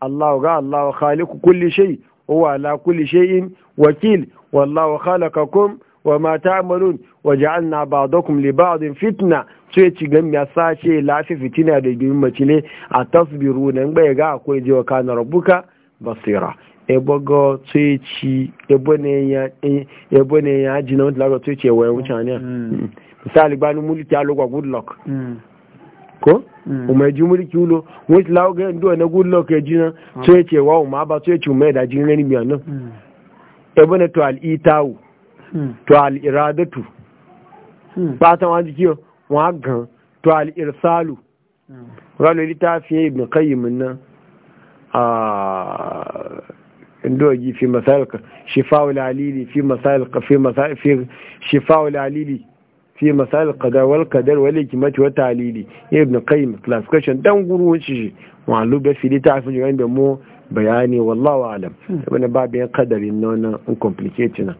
Allah ga Allah khaliku kulli shay huwa ala kulli shay'in wakil wallahu khalaqakum wa ma ta'malun ja'alna ba'dakum li ba'din fitna sai ci gan ya sace lafi fitina da gimmaci ne a tasbiru nan bai ga akwai jiwa kana rabbuka basira ebogo tsoyici ebo ne ya e, mm. mm. mm. ji e na wutulaga tsoyici ewaye wucani a misali gbani mulki alogwa good luck ko umar ji mulki ulo wutulaga ga ndo na good luck ya ji na tsoyici ewa umar ba tsoyici umar da ji ngani biya nan ebo na to al'itawu to al'iradatu ba ta wani jikiyo wa gan to al'irsalu ranar littafiye ibn kayyimin nan a indogi fi masail shifa'u lalili fi masail fi masail fi shifa'u lalili fi masail qadar wal qadar wal hikmati wa talili ibn qayyim classification dan guru shi walu be fi ta fi da mu bayani wallahu alam ibn babin qadarin nona uncomplicated na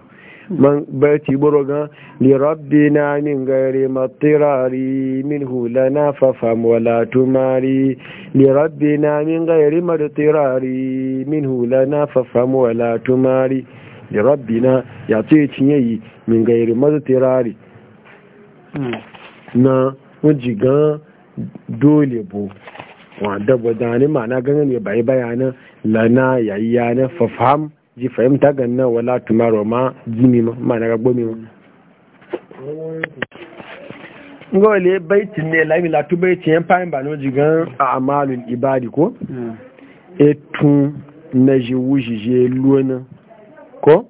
man baiti burugan li rabbina min gairi matirari min hulana fafam wala tumari li rabbina min gairi matirari min hulana fafam wala tumari li rabbina ya ce cinye yi min gairi na wajigan dole bu wadda wadda ne ma na ganin ya bayi lana yayi yana fafam ji fahimta na wala tumaro ma ji ma ma na gagbo mi ma nga wale baiti ne lami latu baiti yan fahim ba no jigan a amalin ibadi ko hmm. etun na ji wuji je luwana ko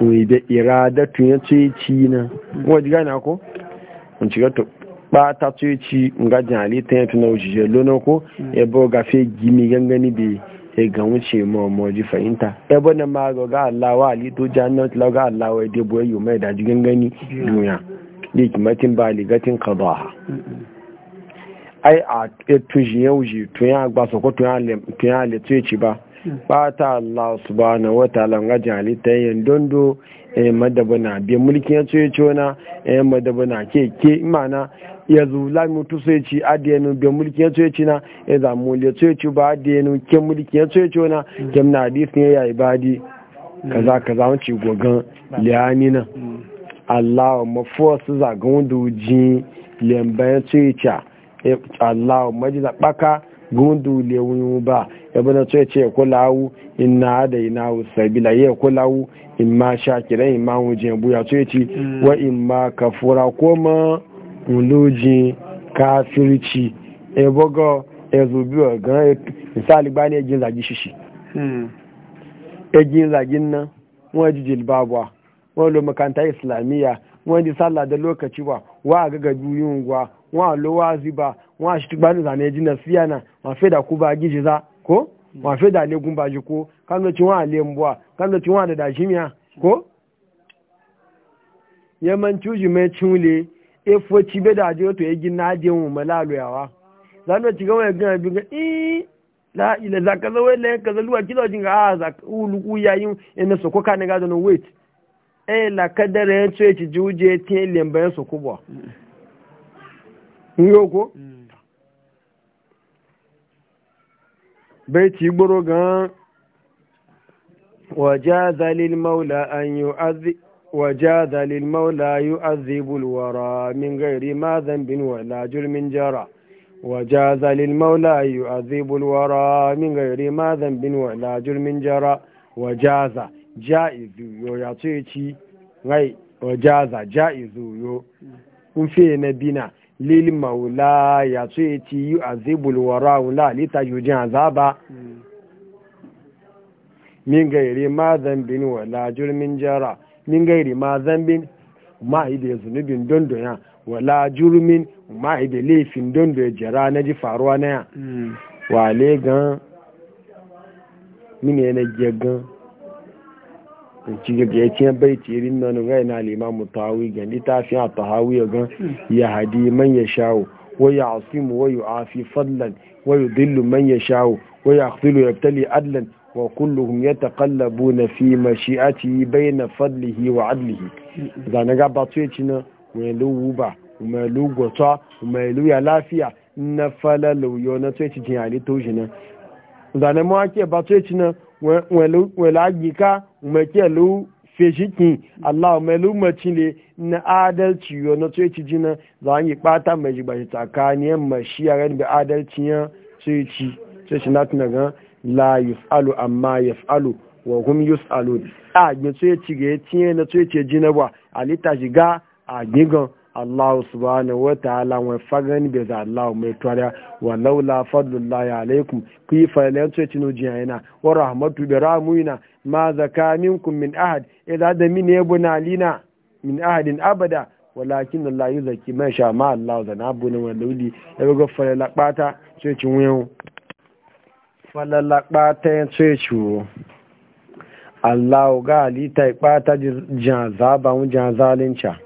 wai hmm. da irada tun ya ce ci na wa hmm. jiga na ko mun ci gato ba ta ce ci nga jali ta ya tuna wuji je luwana ko ya bo gafe gimi gangani bai sai ga wuce ma moji fahimta ya bane ma ga ga Allah wa ali to jannat la ga Allah wa dai boye yu mai da jigin gani duniya li kimatin baligatin qadaha ai a e, tuji yau ji to ya gba so ko to ya le to ya le tuye ci ba ba ta Allah subhanahu wa ta'ala ga jali ta yin dondo eh madabana bi mulkin ya tuye ci wana eh madabana ke ke imana ya zula mutu sai ci adiyanu da mulki ya ci na ya zamu ya tsoye ci ba adiyanu ke mulki ya ci na kem na hadis ne ya ibadi kaza kaza ci gogan liyani na Allah mafuwa su zagan wanda wuji lembayan ya ci Allah majina baka gundu lewun ba ya bana tsoye ce ya kula hau inna da ina sabila ya kula hau in ma sha kira in ma wujen buya tsoye ci wa in ma kafura ko ma ulujin kafirci ẹgbọ́gọ́ ezubi ogan misali gba ni ejin zagi ẹjìn ejin zagin wọ́n ji wọ́n lo makanta islamiyya wọ́n di da lokaci ba wa a gaga biyun wọ́n lọ lo wazi ba wọ́n a shi siya na da wọ́n da ba wọ́n a kan efo ci be da je to yegi na je mu malalo yawa zanu ci ga wani ga bi ga eh la ila zaka zo wele ka zo luwa kilo jinga a ah, zaka ulu ku yayin ina so ko ka ne ga don wait eh la kadare e en tse ci juje tin lemba en so ko bo ko bai ci gboro gan wajaza lil maula an yu'adhi وجاد للمولى يؤذب الورى من غير ما ذنب ولا جرم جرى وجاز للمولى يؤذب الورى من غير ما ذنب ولا جرم جرى وجاز جائز يو يعطيكي غي وجاز جائز يو في نبينا للمولى يعطيكي يؤذب الورى ولا لتجوجين عذابا من غير ما ذنب ولا جرم جرى min gairi ma zambin ma ibe zunubin dondo ya wala jurumin ma ibe laifin dondo ya jara na ji faruwa na ya hmm. wale gan mine na in ci gaga ya ce bai tirin nan rai na limamu tawi ga fi a tahawi gan hmm. ya hadi man ya shawo wa ya asimu wa yu afi fadlan wa yu dillu man ya shawo wa ya ya yabtali adlan wa kulluhum yataqallabuna fi mashi'atihi bayna fadlihi wa adlihi zana ga batu yace na mai luwu ba mai lugota mai luya lafiya na fala luyo na to yace jin ali to jina zana mu ake batu yace na mai lagika mai ke lu feshikin Allah mai lumacin ne na adalci yo na to yace jina zan yi bata mai jibashi tsakaniyar mashiyar da adalciyan sai ci sai shi na tunaga la yus'alu amma yaf'alu wa hum yus'alun a gbe to ye cige tiye na to ye ce jina wa alita shiga a gigan Allah subhanahu wa ta'ala wa fagan be za Allah mai toriya wa laula fadlullahi alaikum ku yi lan to ci yana wa rahmatu bi ramuina ma zaka minkum min ahad idza e da min yabuna lina min ahadin abada walakin Allah yuzaki man sha ma Allah zanabuna wa lauli ya ga fa la bata sai ci falala ɓata ya ce ciwo allahu ga halitta ɓata jan zaban jan zalinca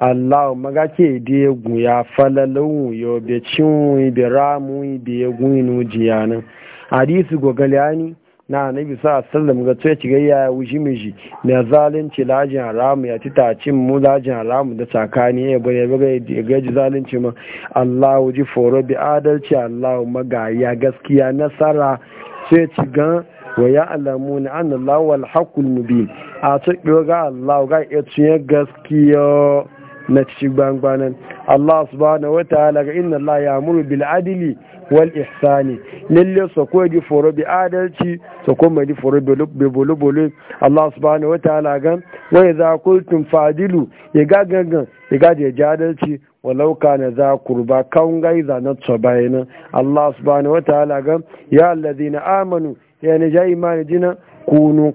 allahu maga ke egun ya guya falalawun yau bai cinwun ibe ramun inu ya hadisi ani. na annabi sa sallam ga tsaye ci gayya mai shi na zalunci lajin haramu ya ci tacin mu lajin haramu da tsakani ya bari ya gaji zalunci ma Allah ji foro bi adalci Allah magaya gaskiya nasara sai ci gan wa ya alamu na an Allah wal hakul a tsakiyo ga Allah ga ya tsaye gaskiya na ci gbangbanan Allah subhanahu wa ta'ala inna Allah ya muru bil adili wal ihsani lalle su ko ji foro bi adalci su ko mai foro bi bolo bolo Allah subhanahu wataala gan wa idza qultum fadilu ya ga gangan ya ga da adalci walau kana za kurba kan gai zanen tsobayina Allah subhanahu wataala gan ya allazina amanu ya ni ja imani jina kunu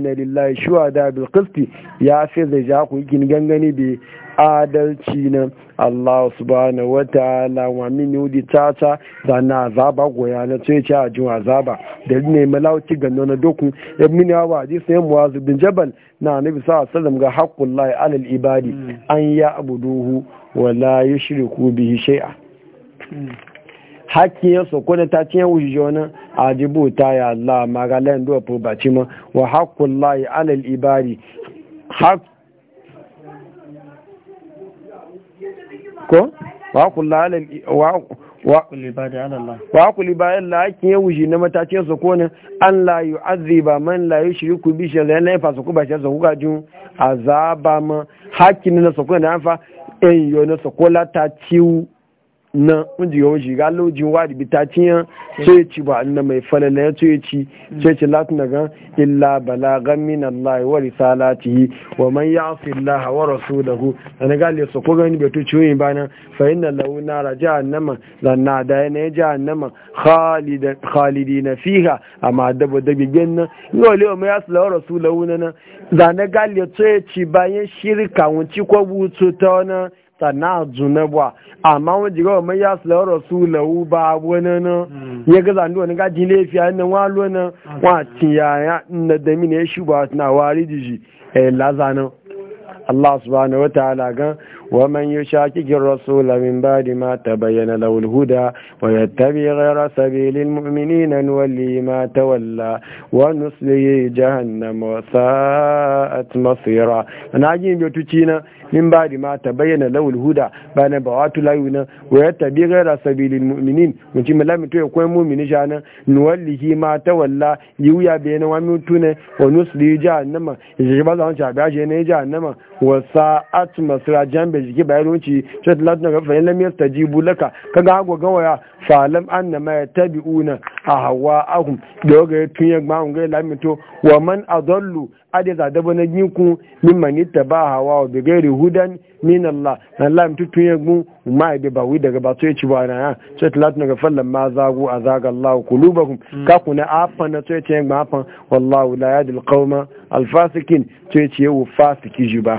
na lillahi shuwa da bilkisti ya fi zai ja ku gangani bi adalci na. Allah subhanahu wa ta'ala wa min yudi tata na azaba goya na ce ce ajin azaba da ne malauci ga na doku ibn yawa ji sai muazu bin jabal na nabi sallallahu alaihi wasallam ga haqqullahi alal ibadi hmm. an ya abuduhu wa la yushriku bihi shay'a hmm. hakkin ya soko na ta ciye wuce wani ajibu ta ya Allah magalan duwa fubaci ma wa haƙƙun layi alal ibari haƙƙun ko wa kuli ba la'akin ya wuce na matacin su an layu azziba man layu yushriku ku bi shay'in la laifa su ba shay'in su ga jun azaba ma hakkin na su kone na fa en eh, yo na su la ta ciwo. na wunji yawon shiga lojin wadi bita so ya ci ba na mai falala ya ce ci sai ci mm. latin daga illa balagan min Allah wa risalatihi wa man ya'si Allah wa rasulahu dan ga le so ko gani bai to ciwon bana fa inna lahu nara jahannama zanna da yana jahannama khalidan khalidina fiha amma dabo dabi genna no le mai asla wa rasulahu nana na ga le ya ci bayan shirka wunci ko butu ta na sana junabwa amma wani jiga wa mai yasu lawar su lawu ba wani na hmm. ya gaza ni wani gaji lafiya na walo na wa hmm. tiyaya na da mini ya shi ba na wari jiji eh, lazana Allah subhanahu wa ta'ala gan ومن يشاكك الرسول من بعد ما تبين له ta bayyana lawul huda bayan ba watu layuna wa ya tabi gaira sabilin mu'minin mutum malami to ya koyi mu'mini shana nuwallihi ma ta walla yuya bayana wa mutu ne wa a ci a bashi da jiki bayan wuce sai da latin ga fa'in lam yastajibu laka kaga hago gawaya na lam tabi una a hawa ahun da ga tun ya ma ngai lamito wa man adallu ade za da na ginku mimman ba hawa bi ghairi hudan min Allah Allah tun ya gun ma da ba wi daga ba sai ci ba na sai da latin ga fallan ma zagu azaga Allah qulubakum hmm. ka na afan na sai ce ma afan wallahu la yadil qauma alfasikin sai ce yau fasiki ji ba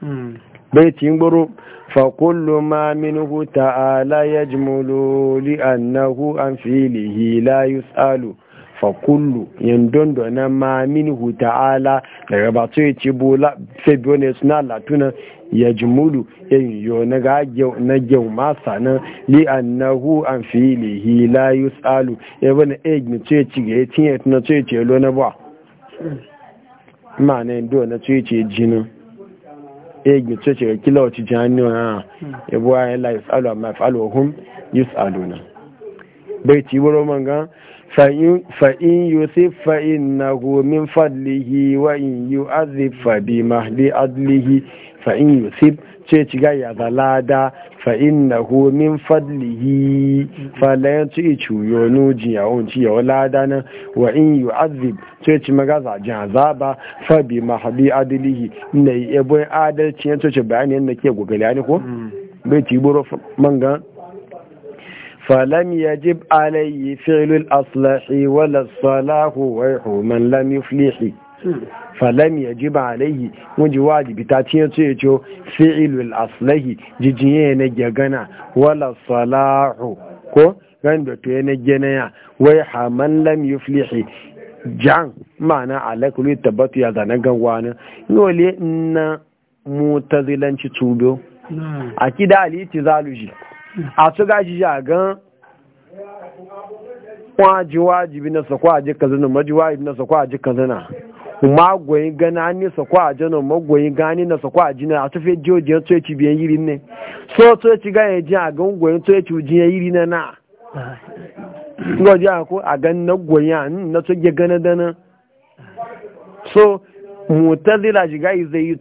hmm. baitin buru fakullu ma minhu ta'ala yajmulu li annahu an filihi la yus'alu fakullu yandon dona ma minhu ta'ala daga ba to yace bola sai biyo ne suna latuna yajmulu yayyo na gaje na geu masa na li annahu an filihi la yus'alu yabana egni to yace ga yace na to yace lo na ba ma ne do na to yace jinin egin ce ce kila wace jihannu na yabo ya la yus'alu amma yaf'alu wa hum yus'aluna bai ci wuro man ga fa in yusuf fa innahu min fadlihi wa in yu'adhib fa bi mahdi adlihi fa in yusuf ce ci gaya ga lada fa inna hu min fadlihi fa ci yanti cuyo nu jiya on ci yawa lada nan wa in yu'azzib ce ci magaza jin azaba fa bi mahdi adlihi ne yabo adalci yanto ce bayani yanda ke gogali ne ko mm. bai ci buro manga فلم يجب عليه فعل الأصلاح ولا الصلاح ويح من لم يفلح falam ya ji ba alaihi wajen wajibi ta ciye ce ce fi'ilul aslahi jijiye na Gagana, wala salahu ko ganda to yana genaya wai haman lam yuflihi jan ma'ana alakulu tabbatu ya zane gangwani yole na mutazilanci tubo a kida aliti zaluji a su gaji jagan waji wajibi na sakwa a jika zina maji wajibi na sakwa a jika zina kuma goyin gana ni su ma goyin gani na su a ajiyar a tafiye jiyojiyar to ya ci biyan yiri ne so to ya ci gaya ji a gan goyin to ya ci yiri na na goji a ko a gan na goyin na gana dana so mutazila shiga zai yi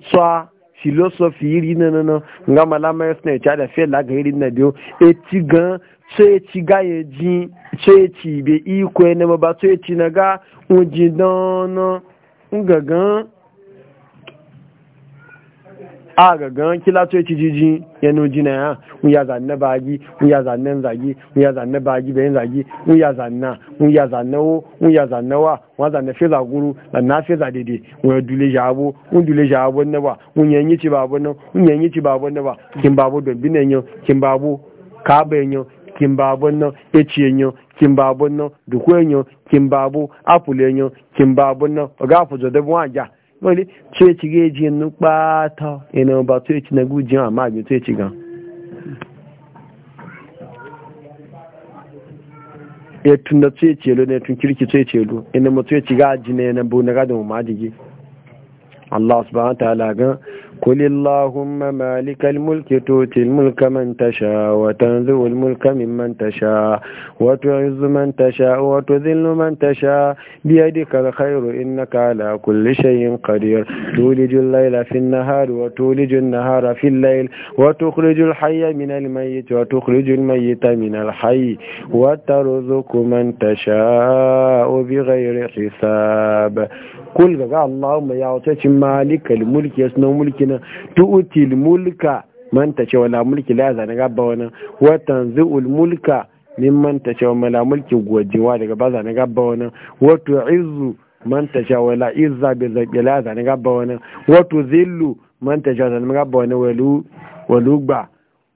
filosofi yiri na na na nga malama ya fiye na eti gan ci ji na ba na ga gagan a gagan kila to ci jiji yanu jina ya mun ya zanna bagi mun ya zanna zagi mun ya zanna bagi bayan zagi mun ya zanna mun ya zanna wo mun ya zanna wa wa zanna fe za guru na fe za dede mun dule jabo mun dule jabo ne ba mun yanyi ci babo ne mun yanyi ci babo ne ba kin babo don binenyo kin babo ka bayanyo kin babo no eciyenyo kin babo no dukuyenyo kimbabu afulenyo kimbabu nan ga fujo da buwa ja wani ce ci ga ji nu pata ina ba to ci na guji ma ju to ci gan e tun da che che lo ne tun kirki che che lo ina mu to ci ga ji ne na bu na ga do mu ma ji Allah subhanahu wa ta'ala ga قل اللهم مالك الملك تؤتي الملك من تشاء وتنزو الملك ممن تشاء وتعز من تشاء وتذل من تشاء بيدك الخير إنك على كل شيء قدير تولج الليل في النهار وتولج النهار في الليل وتخرج الحي من الميت وتخرج الميت من الحي وترزق من تشاء بغير حساب kul ga Allahumma ya wace cin malikal mulki ya suna mulki na tu'util mulka man ta ce wala mulki la zana gaba wani watan ziul mulka min man ta ce wala mulki gojewa daga ba zana gaba wani wato izu man ta ce wala izza bi zabi la zana gaba wani wato zillu man ta ce wala zana gaba wani walu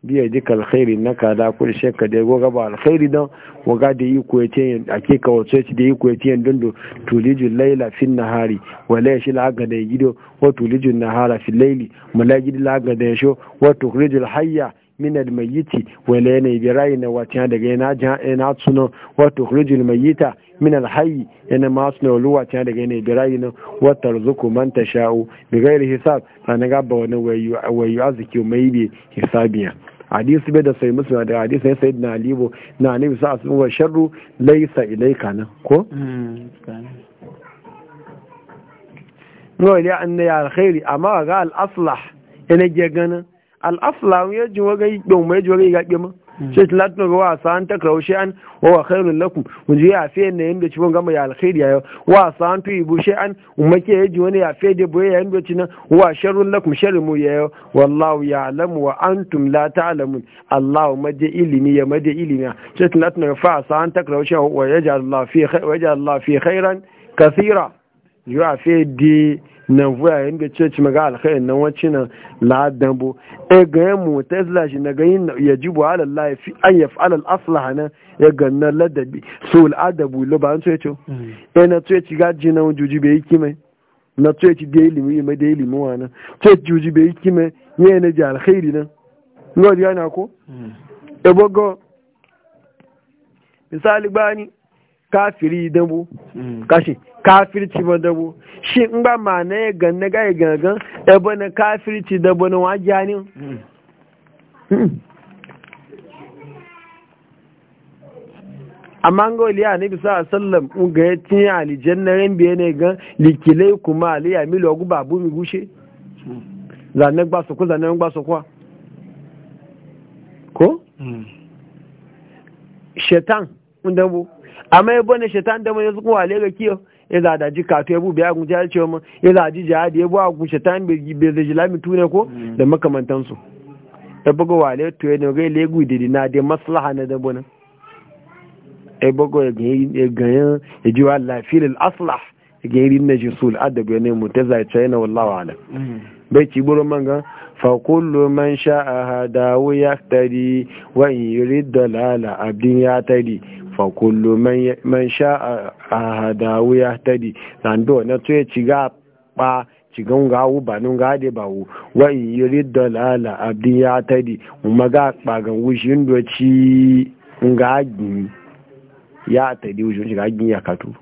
biya duka alkhairi na ka da kun shekka da go gaba alkhairi don waga da yi ko yin ake kawace da yi ko yin dundu tulijin laila fin nahari wa la yashi laga da gido wa tulijin nahara fil laili mulajid laga da ya sho wa tukhrijul hayya minal mayyiti wala yanayi bi rayi na wata daga yana jan yana tsuno wato khurujul mayyita minal hayi yana ma suna wani ta daga yana bi rayi na wata ruzuku man sha'o. bi ghairi hisab na gaba wani wayu wayu aziki mai bi hisabiya hadisi bai da sai musulma da hadisi sai na alibo na annabi sa asibin wa sharru laysa ilayka nan ko Nwa ile an na ya alkhairi amma ga al-aslah ina je ganin al'afla ya ji waga yi ɗan mai ji wagai yi gaɓe ma sai ta latin ga wasa an takara wa an wa wa khairun lakum mun ji ya fiye na yadda ci gama ya alkhairi ya wasa an tuyi bu an umake ya ji wani ya fiye da boye ya yadda ci na wa sharun lakum sharrun mu ya wallahu ya alamu wa antum la ta'lamun allahu maje ilimi ya maje ilimi sai ta latin ga fa sa an takara wa an wa ya ji allah fi khairan kasira ya fiye da nan vuya yin da cewa ci maga alkhairin nan wacce nan la'adan bo e ga ta mutazila shi na gayin ya ji bu ala fi an ya fi alal aslaha nan ya ganna ladabi so al'adabu lo ba an so yace mm. e na so ci ga jina juji bai mai na so ci da ilimi mai da ilimi wa nan so ci juji bai mai ya na. ji alkhairi nan ngo ji ana ko mm. e bogo misali bani kafiri dambu mm. kashi kafirci ba dabo shi in ba ma na ya ganna ga ya gangan ebe na kafirci dabo na wajiya ne hmm. amma ga wali a nabi sa sallam ga ya alijan na ran biye ne gan likile kuma aliyar milo gu babu mi gushe zane gba su ku zane gba su kuwa ko hmm. shetan dabo amma ya bane shetan dabo ya su kuwa ale ga kiyo ya za da ji kato ya bubu ya gunci ya ce mu ya za ji jihadi ya bu a gunci ta bai zai jilami tune ko mm. da makamantansu ya e buga wale to ya ne gai legu didi na dai maslaha na dabo nan e ya buga ya ganyi ya ji wa lafiyar aslah ya ganyen na jisul adabu ya ne mu ta zai ce na wallawa ala bai ci burin manga فكل من شاء هداه يقتدي وإن يريد ضلال ya يعتدي fakullu kullu man sha'a hadawu yahtadi zando na to ya ci ga ba ga gawu ba nun de ba wu wa in yiri dalala abdi ya tadi kuma ga bagan wushin ci ngagi ya tadi wushin shiga gin ya katu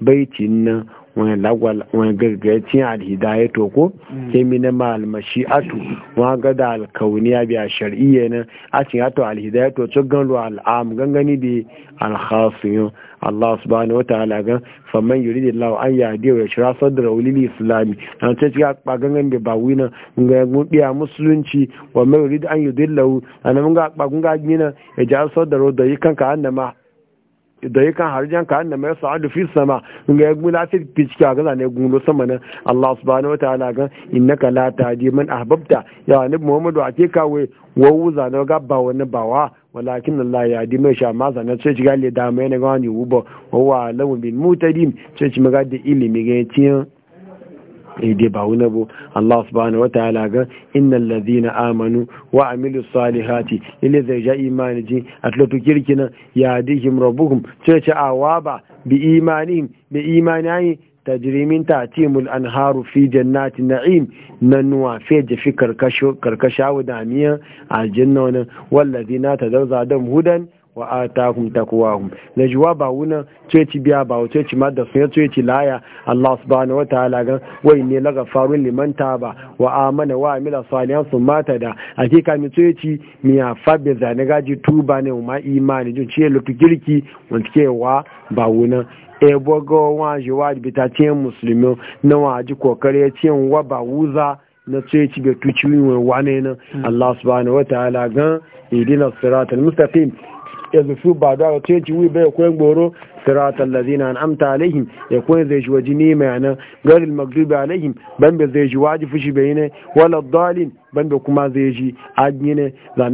baitin nan wani lagwal wani gargajiyar alhidaya hmm. to ko sai mi ma malmashi atu wani gada alkauniya biya shari'iyya na a cikin ato alhidaya to cikin gano al'am gangani da alhasiyon Allah subhanahu wa ta'ala gan famman yuri da lawa an yadi wa shira sadra wulili islami an ce cikin akpa gangan da ba wina ga mun biya musulunci wa mai yuri da an yudillahu an mun ga akpa gunga gina ya ja sadra da yi kanka annama da yakan harjan ka annama ya sa'adu fi sama in ga yagun la fit fiske ga zane gulo sama na Allah subhanahu wataala ga innaka la tahdi man ahbabta ya ni Muhammadu ake kawai wawu zane ga ba wani bawa walakin Allah ya di mai shama zane ce ci ga le da mai ne ga wubo wa lawu bin mutadin ce ci maga da ilimi ga tiyan dai ba wuna bu Allah subhanahu wataala ga innal ladina amanu wa amilus salihati ile zai ja imani ji atlatu kirkina ya dihim rabbuhum ce ce awaba bi imanihim bi imanai tajrimin tatimul anharu fi jannati na'im nan nuwa fi jafi karkashawu da miyan aljanna wannan wallazina tazawza dam hudan wa atakum takwahum na jawaba wuna ceci biya ba ceci da sun ceci laya Allah subhanahu wa ta'ala gan wai ne laga farun liman taba wa amana wa amila salihan sun mata da hakika mi ceci mi ya fabe zane gaji tuba ne ma imani jin ce lutu girki wanda ke wa ba wuna ebo go wa juwa bita ciyen musulmi na wa ji kokare cin wa ba wuza na ceci bai tuci wani Allah subhanahu wa ta'ala gan idina siratal mustaqim yanzu su ba da wace ci wi bai kwen goro sirata lazina an amta alaihim ya kwen zai shi waji nema yanar garil magdubi alaihim ban bai zai shi waji fushi bai ne wala dalin ban bai kuma zai shi ajiye ne zane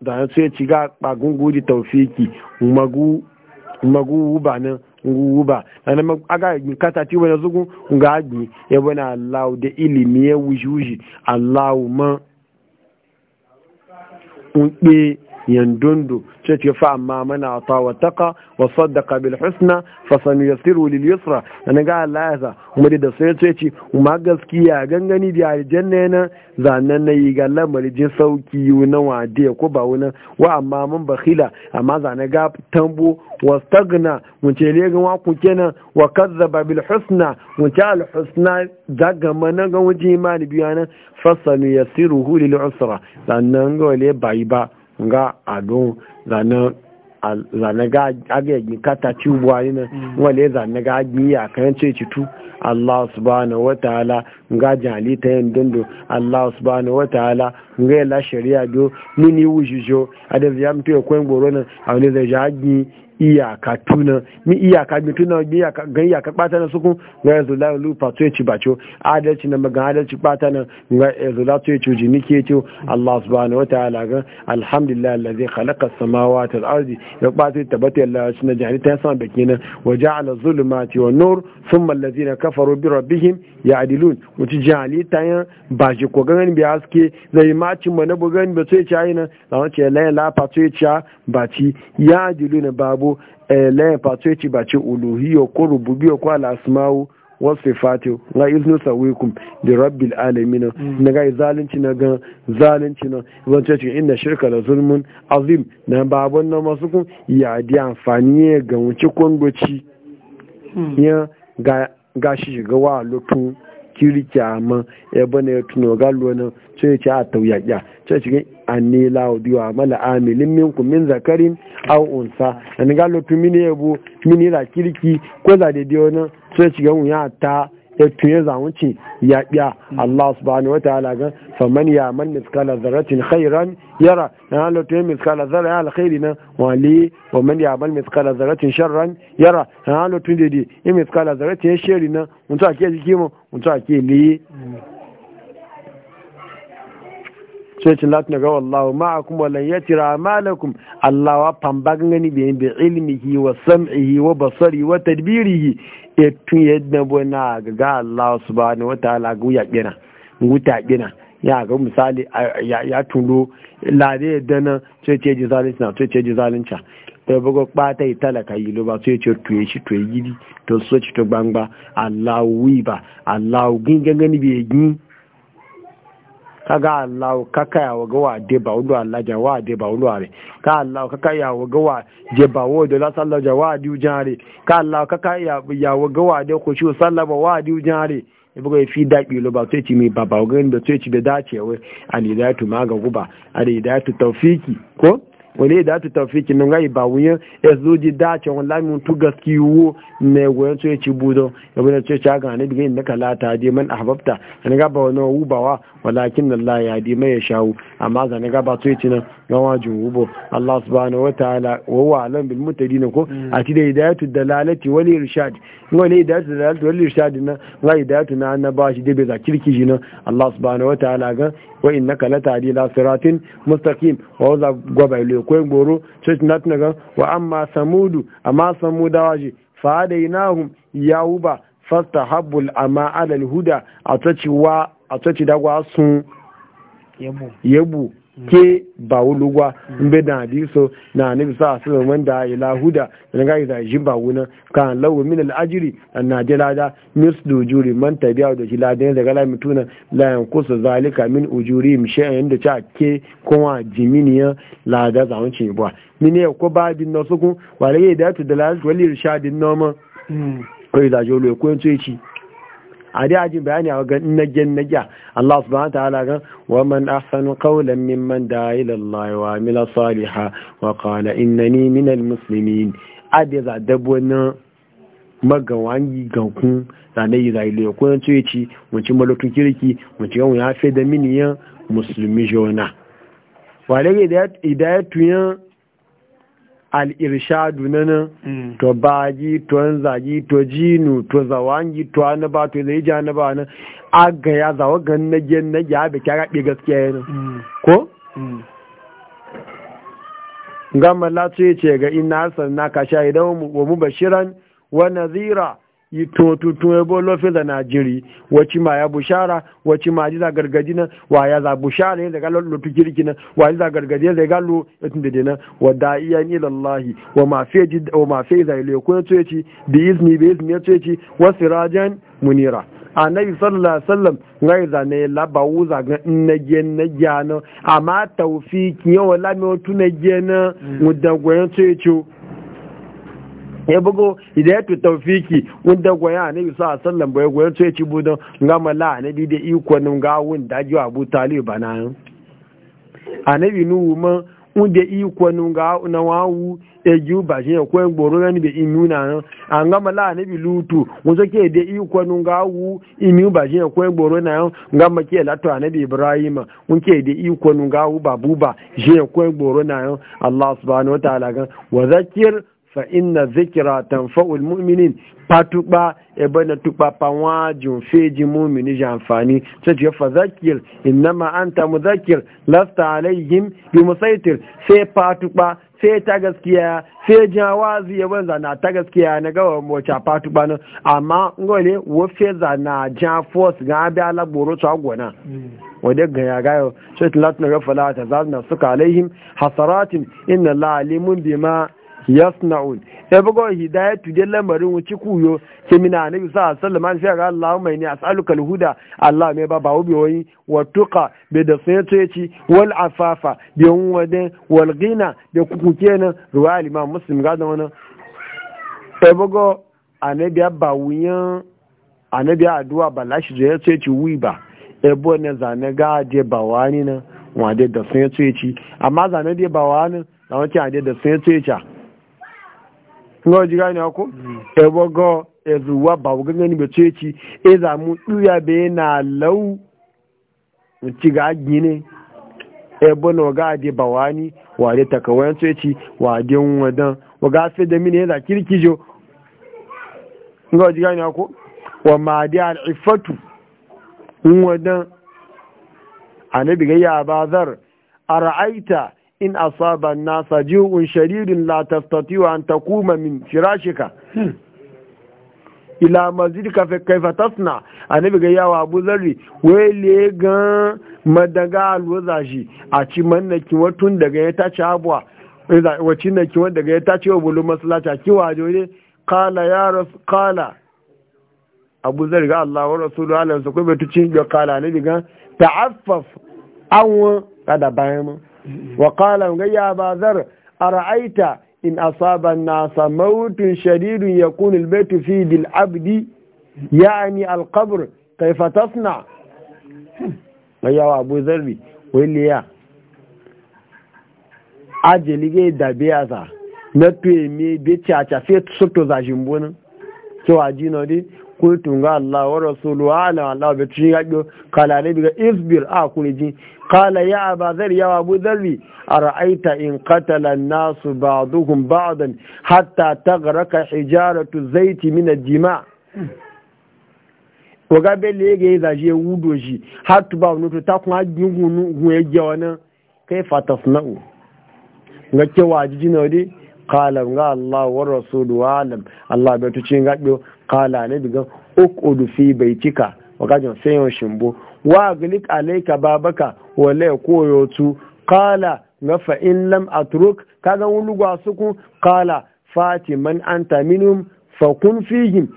na ya ci ga bagun gudi taufiki magu ba nan ngu ba ana aga kata ti wani zugu nga agi ya wona allahu de ilimi e wujuji allah ma un yandundu ce ce fa amma mana a tawataka wa saddaqa bil husna fa sanuyassiru lil yusra an ga Allah ya sa kuma da sai ce ce kuma gaskiya gangani da aljanna na na nayi ga lamari sauki na wade ko ba wani wa amma mun bakhila amma zana ga tambo wa stagna mun ce le gan waku kenan wa kazzaba bil husna mun ce al husna daga mana ga wuji imani biyanan fa sanuyassiru lil usra sannan ga wale bai ba nga ado zane zane ga aga yi kata ci buwari na wale mm. zane ga yi a kan ce citu Allah subhanahu wa ta'ala nga jali ta yin dindo Allah subhanahu wa ta'ala nga e la shari'a do mini wujujo a da zai ya kwen goro nan a wani zai ji iyaka tuna mi iyaka mi tuna ga iyaka bata na sukun ga yanzu la lu pato ya ci bacho adalci na magan adalci bata na ga yanzu la to ya ci jini ke ce Allah subhanahu wa ta'ala ga alhamdulillah allazi khalaqa samawati wal ardi ya bata tabata Allah shi na jahili ta san baki na wa ja'ala zulumati wa nur thumma allazina kafaru bi rabbihim ya'dilun wuci jahili ta yan ba ji ko ganin bi haske zai ma ci mana bugan ba to ya ci ayi nan da la la pato ya ci ba ci ya'diluna babu ko layin fato ci ko rububiyya ko al'asma'u wasu fatiyo na da rabbil alamin na ga zalunci na ga zalunci na zance cikin inda da zulmun azim na babon na masu kun ya di amfani e mm. ga wuce kwangoci ya ga shi shiga wa lokacin kirki amma ya bane ya tuno galo na sai ya ci a sai anni la udiyu amala amilin minkum min zakarin au unsa an ga lotu min ebu mini la kirki ko za de diyo na so ci ga wuya ta e ya tuye zawunci ya biya Allah subhanahu wataala ga man ya man miskala zarratin khairan yara na lotu miskala zarra alkhairi na wali wa man ya man miskala zarratin sharran yara na lotu de de miskala zarratin sharri na unta ke jikimo unta ke li sai ci latin ga wallahu ma'akum wa lan yatira malakum Allah wa pambagan gani bi bi ilmihi wa sam'ihi wa basari wa tadbirihi e tun yadda bona ga Allah subhanahu wa ta'ala gu ya kina nguta gina ya ga misali ya tulo lare da nan sai ce ji zalunci sai ce ji zalunci sai e bugo kpata talaka yi lo ba sai ce tuye shi tuye gidi to so ci to gbangba Allah wi ba Allah gingangani bi e gini. kaga Allah kaka ya waga wa de ba ulu Allah ja wa de ba ulu are ka Allah kaka ya waga wa je ba wo de la sallah ja wa di ujare ka Allah kaka ya ya waga wa de ko shi sallah ba wa di jare ibugo e fi da lo ba sai e ci mi baba ogan e da sai ci da dacewa alidatu maga guba tu tawfiki ko wani da ta tafi ki nunga ba wuyan ya zo ji dace wani lamin tu gaski wo ne goyon so ya ci budo ya bude ce ca gane bi gain naka lata a jimin ahbabta e ne ga gaba wani ba wa walakin la ya di mai e shawo amma zane gaba ga ya e ci nan ga wajin wubo Allah subhanahu wataala wa wa alam bil na ko hmm. a ti da hidayatu dalalati wal irshad wale hidayatu lalati wani irshad na ga hidayatu na ba shi dabe za kirki shi nan Allah subhanahu wataala ga wa innaka latadi la siratin mustaqim wa wuza gwaba ile koyin goro church na wa amma samudu amma samudawa ji fa da inahum yawuba fastahabbul ama alal huda a tace a tace dagwa sun yabu ke ba wuluwa in bai da hadiso na annabi sa sallallahu alaihi da ila huda dan ga da shi ba wuna kan lawu min al ajri an najila da misdu juri man tabi'a da shi ladan daga la mutuna la yankusu zalika min ujuri mishayan da ta ke kuma jiminiya lada zaman ce ba ne ko ba bin nasu kun wale da tu dalal wali irshadin noma hmm. ko da jolo ko yanzu ci a dai ajin bayani a ga nagen nagya Allah subhanahu wa ta'ala ga wa man ahsanu qawlan mimman da'a ila Allah wa amila salihan wa qala innani minal muslimin ade za dabo na magawangi gankun zane yi zai lo ko yanzu ci, mun ci malotun kirki mun ci gamu ya fe da miniyan musulmi jona wale ga idayatu yan al'irshadu na nan mm. to baji to zagi to jinu to zawangi to ana ba to zai ji ana ba nan aga ya zawa gan na gen na ya da kyara ɗi gaskiya yana mm. ko? Mm. gama latu ya ce ga ina sannan ka sha idan wa mu bashiran wa nazira yi tuntun ebo lofe da najiri wacce ma ya bushara wacce ma jiza gargaji na wa ya za bushara ya galo lotu kirki na wa ya za gargadi ya zaga lo yatin da dina wa da iya ni lallahi wa ma fi zai le ko ya tuye ci bi izini bi izini ya tuye ci wa sirajan munira annabi sallallahu alaihi wasallam ngai zane laba wuza ga nage nage ano amma tawfiki yawa lami otu nage na mm. mudan gwayan tuye ci ya bugo hidayatu tawfiki wanda goya ne bisa sallan bai goya to yaci budon nga mala ne bi da iko nun ga wun da ji Abu Talib bana bi nu ma wanda iko nun ga na wawu e ji ba shi ko en gboro ne bi inuna nan an ga mala ne bi lutu mun so ke da iko nun ga wu inu ba shi ko en gboro na nga ma ke lato anabi Ibrahim mun ke da iko nun ga wu babuba shi ko en gboro na Allah subhanahu wa ta'ala ga wa zakir fa inna zikira tanfa'ul mu'minin patuba e bana tuba panwa jun feji mu'mini ji amfani sai ce fa zakir innama anta mudhakkir lasta alaihim bi musaitir sai patuba sai ta gaskiya sai jawazi ya e wanza na ta gaskiya na gawa mocha patuba na amma ngole wo feza na ja force ga bi alagboro ta gona hmm. wadda ga ya gayo sai tilatin ga fala ta zalna suka alaihim hasaratin inna la alimun bima yasna'un e bugo hidayatu de lamarin wuci kuyo ke mina annabi sa sallallahu alaihi wasallam ga Allah mai ni as'aluka alhuda Allah mai ba ba ubi wani watuka bi da sayyaci wal afafa bi wadan wal ghina da kuku kenan ruwa al-imam muslim ga da wannan e bugo annabi ba wuyan annabi addu'a ba lashi da yace ci wi ba ebo ne zane ga je bawani wani nan wa da sayyaci amma zane dai ba wani da wace ade da sayyaci ngo jiga ne ku ebogo ezuwa ba ni hmm. ngani be mu duya be na lau uci ga ebo no ga bawani wa de takawan echi wa de wadan wa ga fe da kirkijo ngo jiga ne ku wa ma de alifatu ifatu wadan in asaban nasa ji'un sharirin la tastati'u an takuma min firashika ila masjidika fa kaifa tasna anabi ga yawa abu zarri wele ga madaga alwaza shi a ci mannaki watun daga ya tace abuwa wacin da kiwon daga ya tace wa bulu ki wajo ne kala ya rasu kala abu zarri riga Allah wa rasulu wasallam ko betu cin ga kala ne ga ta'affaf awon kada bayan mu wa qala ya bazar ara'aita in asaba an-nasa mautun shadidun yakunu al-baytu fi dil abdi yani al-qabr kayfa tasna ga ya abu zarri waliya ajeli ge dabiyaza na tuemi bi caca sai suto za jimbonin cewa jino dai kultun ga Allah wa rasulu wa ala Allah bi cin yaƙo kalale bi ga isbir a kulji قال ya aba ذر يا abu ذر ara'aita in قتل الناس بعضهم بعضا حتى hatta taghraka hijaratu zaiti min ad-dima' waga bele ga za je wudo shi har ba wani to ta kuma gungun gunye je wani kai fatasna'u ga cewa jijina wadi kala ga Allah wa rasulu alam Allah bai tuci biyo kala ne fi cika. wakajin sai yawan shimbo wa gilik alaika babaka wale koyo tu qala na fa in lam atruk kaga wulugwa suku kala fatiman anta minhum fa kun fihim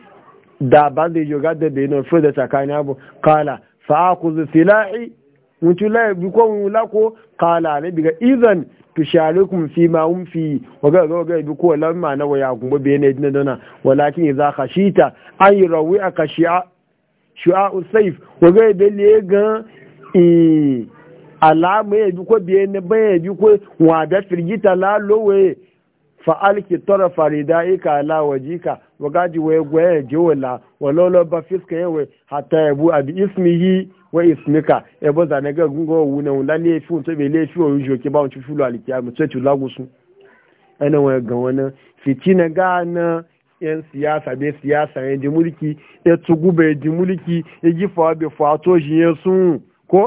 da ba zai gada da bai fi da tsakani abu qala fa akuzu Mun mutu la bi ko mu la ko qala ne biga idan tusharikum fi ma hum fi waga waga bi ko lamma na waya gumbe ne dinna walakin idza khashita ay rawi akashi'a shu'a'u saif wa ga da le ga alama ya bi ko biye ne ba ya bi ko wa da firgita la lowe fa alki wajika wa gaji wa wa lolo ba fiska yawe hatta yabu abi ismihi wa ismika e bo zane ga gungo wuna le fi be le fi o ke ba fulu lagusu ana wa ga wana fitina ga na yan siyasa be siyasa ya ji mulki ya tugu bai ji mulki ya ji fawa fato shi ya sun ko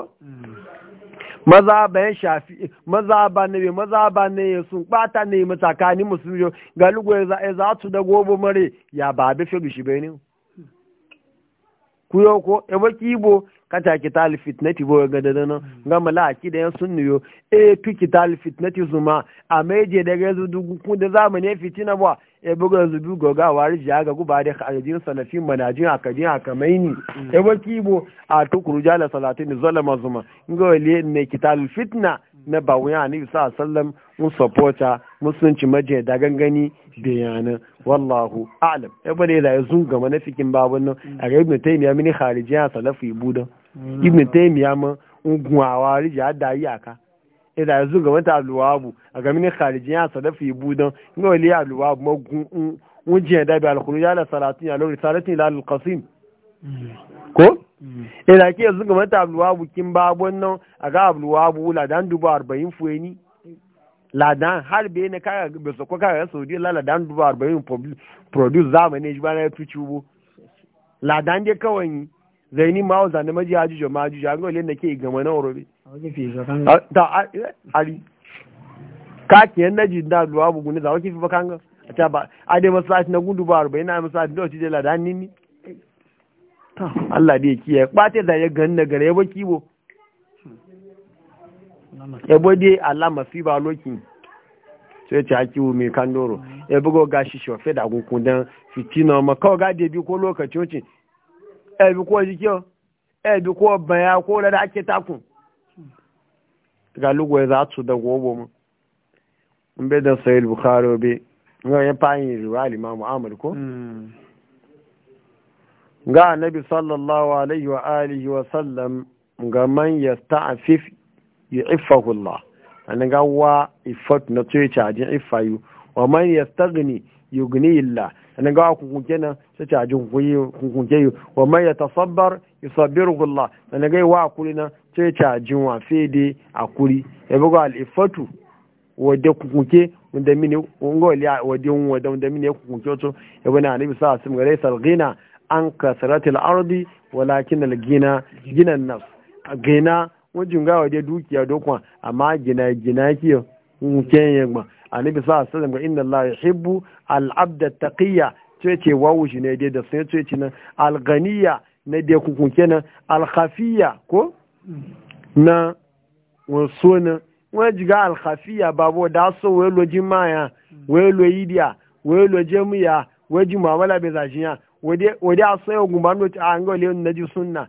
maza ba ya shafi maza ba ne bai maza ba ne ya sun bata ne matakani musulmi ga lugu ya za su da gobe mare ya ba bi fi shi bai ne ku yau ko ya baki ibo kata tali fitnati bo ga da nan ga mala akida da sunni yo e ki tali fitnati zuma a meje da ga zudu ku da zamani fitina ba e buga zudu go ga wari ja ga guba da kharajin salafin manajin akadin akamaini e ki bo a tukuru jala salatin zalama zuma ngo le ne tali fitna na ya ni sa sallam mu supporta musulunci majiya da gangani bayanan wallahu alam ebe ne da ya zunga mana fikin babun nan a ga ibnu taymiya mini kharijiya salafi buda mm. ibnu taymiya ma ungwawa rijiya da yi aka ida ya zunga mata alwabu a ga mini kharijiya salafi buda inga wali alwabu magun wujiya da bi alkhuruja la salatin ya lo risalatin ila alqasim mm. ko ida mm. ke zunga mata alwabu kin babun nan a ga alwabu la dan dubu 40 fueni ladan har bai ne kaga bai sako ko kaga saudi la ladan dubu arba'in produce zamani ji bana ya fi cubo ladan dai kawai zaini ma wa zane maji ya jo maji jo an gole da ke gama na orobe ta ari eh, ka ke na ji da luwa bugu ne zawo kifi bakan ga a ta ba a dai masallaci na gundu ba arba'in na masallaci da wace je ladan ni ni Allah dai kiyaye kwate da ya na gare ya ba kiwo. yabo dai alama fi ba lokin sai ce haki mai kan doro ya bugo gashi fe da gunkun don fitina ma kawai ga bi ko lokaci wacin ebi ko jikiyo ebi ko baya ko da ake takun ga lugwai za tu da gobo mu in bai da sayil bukhari be ga ya fayin riwa ma muhammad ko ga annabi sallallahu alaihi wa alihi wa sallam ga man yasta'fif yu'iffahu Allah an ga wa ifat na tsoye cajin ifayu wa man yastaghni yughni Allah an ga ku kun kenan sai cajin kun kun ke wa man yatasabbar yusabbiru Allah an ga wa kulina tsoye cajin wa fede akuri ya bugo al ifatu wa ku wanda mini ngo liya wa da wanda mini ku kun kyoto ya bana annabi sallallahu alaihi ga gare salghina an kasratil ardi walakin al gina gina nafs gina wajen ga waje dukiya dokwa amma gina gina ki muken yagma annabi sa sallam ga inna allahu yuhibbu al-abda taqiya ce ce wawu shi ne dai da sai to yace nan al na dai kun kenan al-khafiya ko na wasu na ga jìgá alkhafiya babu da so wọ́n lo maya wọ́n lo idiya wọ́n lo jemiya wọ́n ji mu'amala bai zashiya wọ́n dai a so yau gumbanin a na ji sunna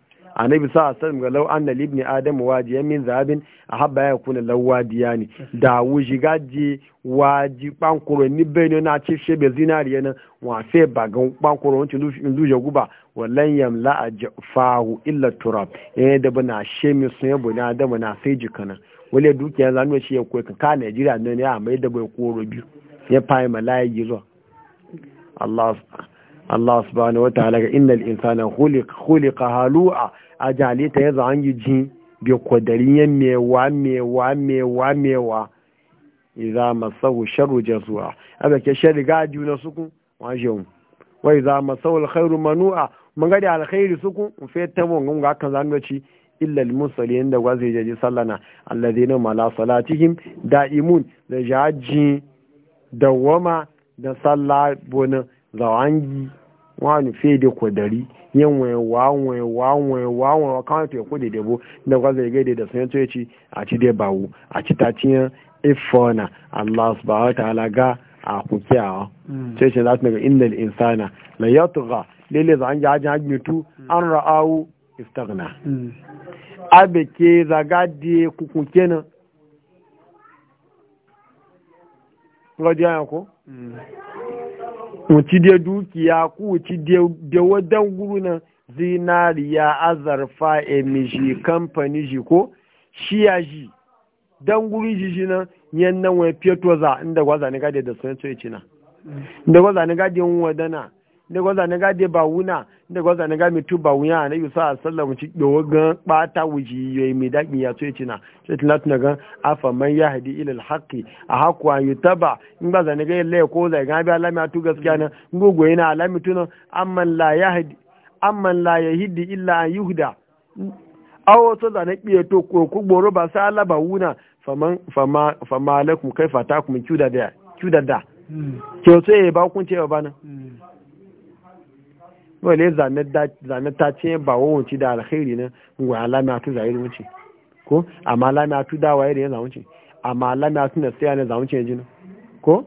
annabi sa sallam ga law anna libni adam ya min zahabin ahabba ya kuna law wadiyani da wuji gaji waji pankoro ni beno na ci shebe zinariya na wa fe bagan pankoro wanci luje guba wallan yamla a fahu illa turab eh da bana shemi sun yabo na adam na sai jikana wale dukiya zanuwa shi ya koyi ka Najeriya ne ya mai da bai koro biyu ya fayi malayi gizo Allah Allah subhanahu ta'ala ga innal insana khuliqa khuliqa halu'a ajali ta yaza an yi ji bi kodarin yan mewa mewa mewa mewa idza masahu sharru jazua aba ke sharri ga ji na suku wajen wa idza masahu alkhairu manu'a mun ga da alkhairu suku mun fe ta mun ga kan zanoci ci illa almusallin da gwazi je ji sallana alladhina la salatihim da'imun da jaji dawama da sallah bonin zawangi wọn ni fede kodari yin wen wa wen wa wen wa wa kawai fiye kudi da bu da kwa kwazai gaida da sun ci a ci dai bawu a ci ta taciyan ifona e allah subhanahu wa ta'ala ga a kuke a sai ce za su daga innal insana la yatgha lele za an ji ajin ajmitu mm. an ra'awu istaghna mm. abe ke zaga die kukun kenan ko mm. wuci dai dukiya ku wuci dai wadan guru nan zinariya azarfa emishi kamfani shi ko shiya shi don guri shi shi nan yan nan wai fiye toza inda gwaza gadi gade da sun ce cina inda gwaza gadi gade wadana ne gwaza ne gade ba wuna ne gwaza ne gami tu ba wuya ne yusa mu ci do gan bata wuji yoyi mi daki ya so yacina sai tilat na gan afa man yahdi ila alhaqi a haku an yutaba in ba zane ga laye ko zai ga biya alami tu gaskiya na ngugo yana alami tu na amman la yahdi amman la yahdi illa an yuhda awo to zane biye to ko ku gboro ba sa ala ba wuna faman fama fama lakum kaifa kuma kiuda da kiuda da hmm. ke so ba kun ce ba na hmm. wale zane ta ce ba wawanci da alkhairi na wa alama tu zayi wuce ko amma alama tu da waye da ya zamuce amma alama tu na tsaya na zamuce ya jina ko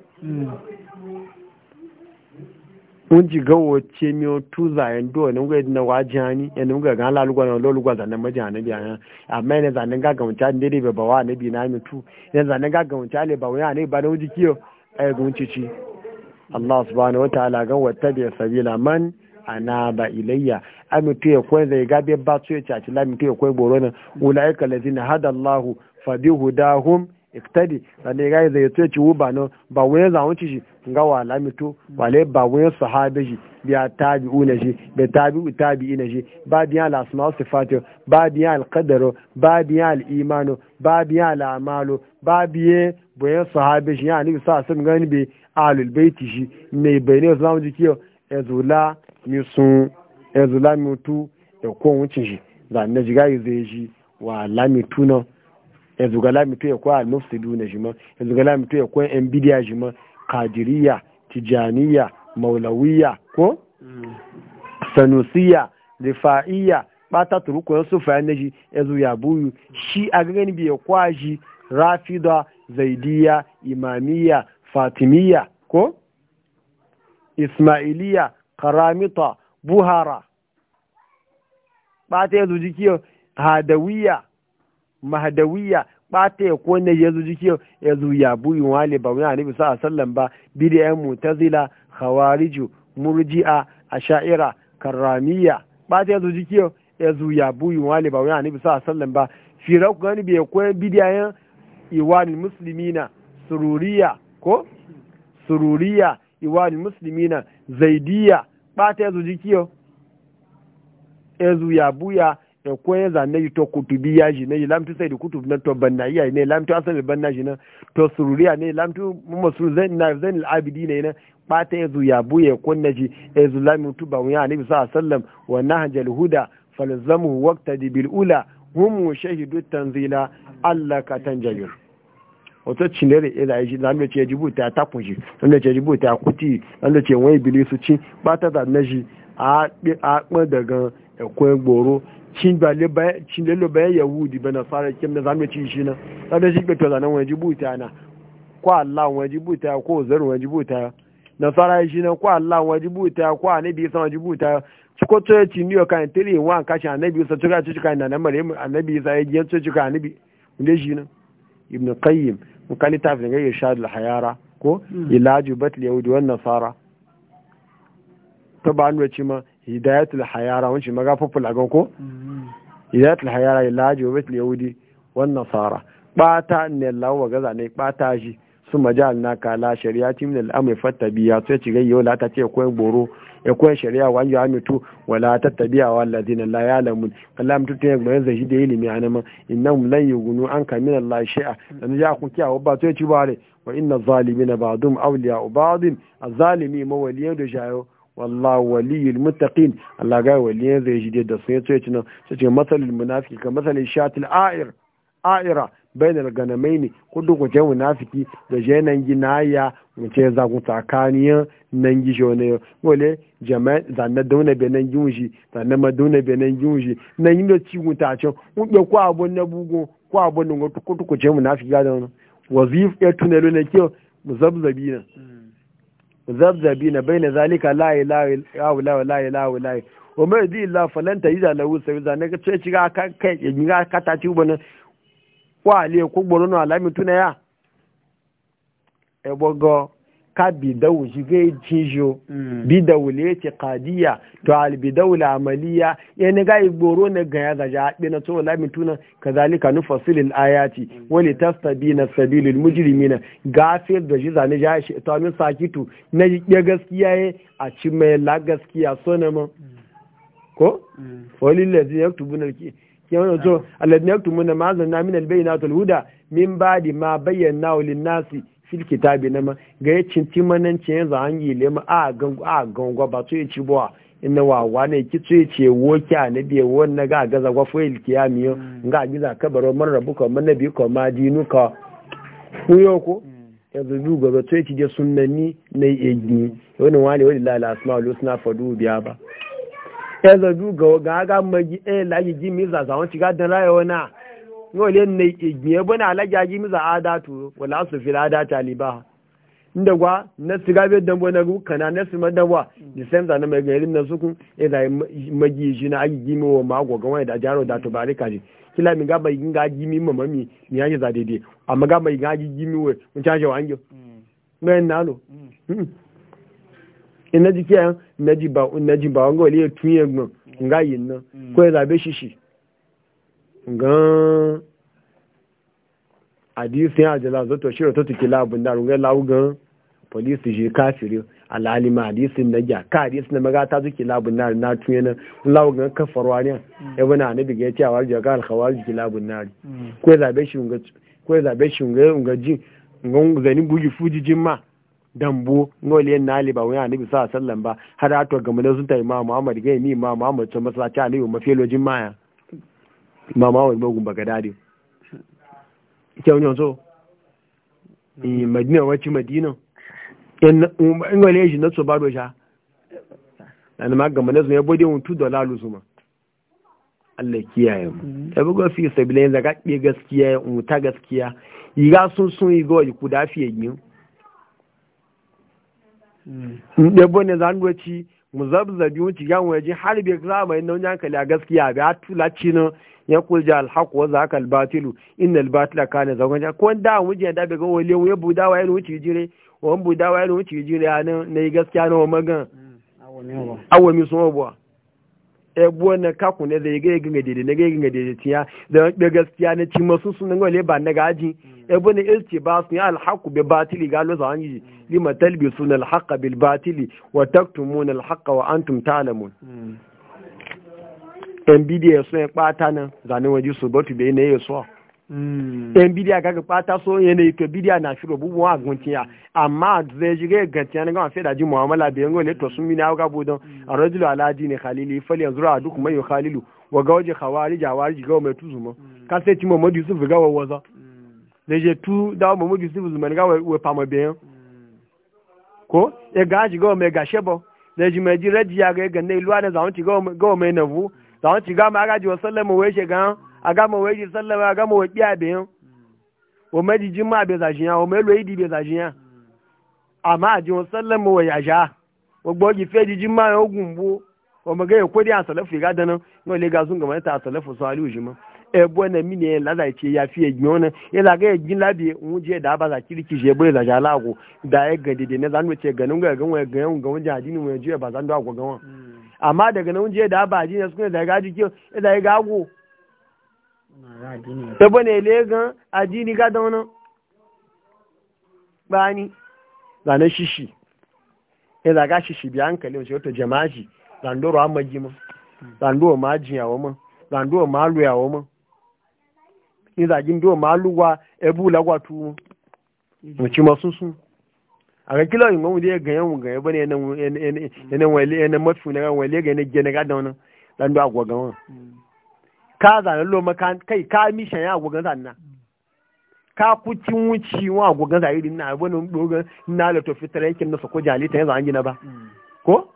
un ji ga wace mi tu zayen wani ngwa ga na ji hani ya ne ga ga lalugwa na lalugwa zanen maji hana biya na amma yana zanen ga ga mutane dai ba ba wa na bi na mi tu ne zanen ga ga mutane ba wa ne ba na wuji kiyo yi gunci ci Allah subhanahu wa ta'ala ga wata bi sabila man anaba ilayya amitu ya kwen zai gabe ba su ya caci lamitu ya kwen boro nan ula'ika lazina hada allahu fabi hudahum iktadi zane ga zai to ci wuba no ba wani zawon ci shi ga wa lamito wale ba wani sahabe shi biya tabi na shi bi u tabi ina shi ba biya al-asma sifatu ba biya al ba biya al ba biya al ba biya boye sahabe shi ya ni sa sun gani bi alul baiti shi mai bayne zamu ji ezula mi sun yanzu lami tu da kowun cin shi da na jiga yi zai shi wa lami tu nan yanzu ga lami tu ya kwa al-mufsidu na shi ma yanzu ga lami tu ya kwa yan shi ma kadiriya tijaniya maulawiya ko sanusiya rifa'iya bata ya sufa na shi yanzu ya buyu shi a gani bi ya kwa shi rafida zaidiya imamiya fatimiya ko ismailiya karamita buhara ɓata ya zuji hadawiya mahadawiya ɓata ya kone yanzu jiki kiyo ya zuya buyin wale ba wani anabi sa sallan ba bidiyan mutazila khawariju murji'a asha'ira karamiya ɓata ya zuji kiyo ya zuya buyin wale ba wani anabi sa sallan ba fira ku gani bai koyi bidiyan iwanin muslimina sururiya ko sururiya iwanin muslimina zaidiya bata ezu jikiyo ezu ya buya ya koya zane yi to kutubi ya ji ne lamtu sai kutubi na to banna iya ne lamtu asali banna ji na to sururiya ne lamtu mumo suru zan na zan al'abidi ne na bata ezu ya buya kunna ji ezu lamu tuba wa wuya sallallahu alaihi sallam wa nahjal huda falzamu waqtadi bil ula hum shahidu tanzila allaka tanjayur wato cinere ila shi zan da ce jibuta ta kunshi zan da ce jibuta kuti zan da ce wani bilisu ci ba ta da na shi a ɓa daga ekwe gboro cinlelo bayan yahudi bai nasara kim da zan da ci shi na zan da shi ɓeto zanen wani jibuta na ko allah wani jibuta ko zaru wani na nasara shi na ko allah wani jibuta ko anabi isa wani jibuta ko coci ni kan tiri wa kashin annabi isa cika cika na namar annabi isa ya ji cika annabi inda shi na ibn qayyim ka littafin ga irshadul hayara ko mm. ilaju batil yahudi wan nasara to ba nuna ci ma hidayatul hayara wancin maga fufula gan ko mm-hmm. hidayatul hayara ilaju batil yahudi wan nasara ta ne lawa gaza ne ta shi su majal na kala shari'a tim timin al'amri fattabiya sai ci gayyo la ta ce koyan boro ya koyan shari'a wa yi amitu wa la tattabiya wa allazina la ya'lamun kallam tutu ya yagba zai da ilimi anama innam lan yugunu an ka min Allah shi'a dan ya ku kiya wa ba sai ci bare wa inna zalimina ba'dum awliya ba'din az-zalimi mawaliyan da jayo والله ولي المتقين الله قال ولي ذي جديد الصيت سيتنا سيتنا مثل المنافق كمثل الشاة الآئر آئرة bainar ganamai ne kudu ku ce munafiki da je nan gi na ya mu ce za ku tsakaniyan nan gi jo ne wale jama'a na dauna be nan gi wuji na ma dauna be nan gi wuji nan yi da ci ku ta ce mu be ku abun na bugu ku abun nan ku ku ce munafiki ga da wazif ya e tunelo ne ke muzabzabi na muzabzabi na baina zalika la ilaha illa la ilaha illa wa ma yadi illa falan tajida lahu sawiza ne ka ce ci ga ka kai ga ka ta ci ubanan wa le ko gboro na alami tuna ya ebogo ka bidawu shi ga bi bidawu mm. le ce qadiya to al bidawu la amaliya ya ne ga igboro ne ga ya ga ja be na to alami tuna kazalika nufasilil ayati mm. wa li tastabina sabilul mujrimina gafir da shi zane ja shi to min sakitu na ya gaskiya a ci mai la gaskiya sonama mm. ko walillazi yaktubuna al kewan yanzu alladin yaktu muna mazan na min na tul huda min badi ma bayyana lin nasi fil kitabi nama ga ya cinti manan ce yanzu an yi lema a gan a gangu ba to ya ci bo inna wa wa ne ki to ya ce wo ki anabi won na ga gaza gwa fo il kiyami yo hmm. ga giza kabaro man rabuka man nabi ko ma dinuka ku yo ko hmm. yanzu du gaba to ya ci je sunnani na yi egi wani wani wani la asma ul husna fadu biya ba ẹlọ́dún eh, e, e a mọ́gí ẹ̀ láyé jí mi zàzà ti ká dán wọn náà ní olè ní ìgbìn ẹbọ́n náà alájà jí mi zà tó wọ́n láàsùn fi ádá tàlíbà inda gwa na su gabe dambo na ruka na nasu madawa disemta na mai gairin na sukun ina magi shi na agi gimi wa mago ga wani da jaro da tubari kaji kila mi ga mai ga gimi ma mami mi yaje za daidai amma ga mai ga gimi wa yi wa mai nalo ina ji kiyan naji ba naji ba wanga wale ya ye gbon nga yin na ko ya zabe shishi gan hadisi ya jala zato shiro to tiki labun da runga lawu gan polisi je kafiri alalima hadisi na ja ka hadisi na maga ta zuki labun na na tun yana lawu gan kafarwa ne ya bana anabi ga ya ce warji ga alkhawarji ki labun da ko ya zabe shi ko ya zabe shi nga ji nga zani buji fujijin ma dambo ngoli yan nali ba wani annabi sa sallan ba har a to gamana sun ta imam Muhammad ga ni imam Muhammad masa ta masallaci annabi filojin maya imam Muhammad ba gumba gadadi ke wani so eh, Madina wacce Madina ngoli yan um, shi na so ba sha dan ma gamana sun ya bode mun tu lu suma Allah kiyaye mu da mm. bugo fi sabilin da gaskiya mu ta gaskiya yi ga sun sun yi go ku da fiye yin ɗabo ne za mu ci mu zabzabi mu ci yan waje har bai za zama yin nauyin hankali a gaskiya bai tula ci nan ya kul kulja alhaku wa zaka albatilu inna albatila kana zagon ja ko da mu je da bai ga wale mu ya buda wa yana wuce jire wa buda wa yana wuce jire nan yi gaskiya na wa magan mm. awami sun abuwa ebuwa na kaku ne zai gaya gina daidai na gaya gina daidai tiya da gaskiya na ci masu sunan gole ba na gaji mm. ebuwa na ilce ba su ya alhaku bi batili ga lusa yi mm. lima talbi na alhaka bil batili wa na alhaka wa antum talamun yan mm. bidiyar e sun ya e kpata nan zanen waje su batu bai na yi e suwa yan hmm. bidiya ga fata so yanayi to bidiya na shiro bubu a guntiya amma zai jire gantiya na gama feda ji mu'amala da yango ne to sun mina ga budon hmm. a rajulu alaji ne khalili fal yanzu a duk mai khalilu wa ga waje khawari jawari ga mai tuzuma hmm. ka sai ti muhammad yusuf ga wa waza da je tu da muhammad yusuf zuma ni ga wa fama biyan ko e ga ji ga mai gashebo da ji mai ji rajiya ga ga ne luwa na zaunci ga mai navu zaunci ga ma ga ji wa sallama wai shi ga a gama waje sallama a gama biya bayan o maji jima bai zashiya o mai loidi bai zashiya amma a jin sallama wa ya ja o gbo fe feji jima ya ogun bu o maga ya kodi a salafu ga danan no le ga sun gama ta salafu so aliu jima e bo na mi mini la lada ce ya fi e gbe wannan ya zaga ya gin labi mu je da ba za kirki je bo ja la go da e ya gadi da ne zanu ce ganin ga gan wa gan ga wani adini mu je ba zan ago ga won mm. amma daga nan je da ba ji ne suka da gaji ke da ga go sabo ne legan ajini ga da wani bani zanen shishi ya zaga shishi biya hankali wasu wata jamaji zandoro an magi ma zandoro ma ajiyawa ma zandoro ma aluyawa ma ni zagin do ma aluwa ebu lagwatu mu ci masu sun a ga kila yin mamu da ya ganyen mu ganyen bane yanan wale yanan mafi na wale ganyen gene ga da wani zandoro agwagawa ka zane lo maka kai ka mishan ya agogon na ka kucin wuci wa agogon zai irin na abin dogon na da tofi tare yakin nasa ko jalita ya an gina ba ko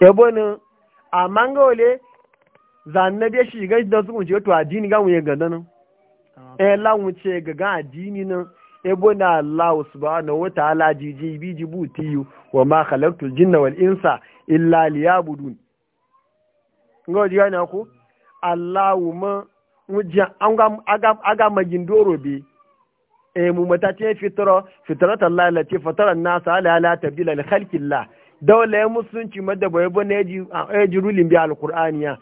bani a mangole zanne dai shi ga da sun wuce to addini ga wuye ganda nan ah. eh la ce ga ga addini nan bani Allah subhanahu wa ta'ala jiji bi jibutiyu wa ma khalaqtul jinna wal insa illa liyabudun ngo ji gane Allahu ma anga aga magin doro bi e mu mata ce fitro fitrat Allah lati fatara nasa ala ala tabdila li khalqillah dawla musunci madda boye bone ji e rulin bi alqur'aniya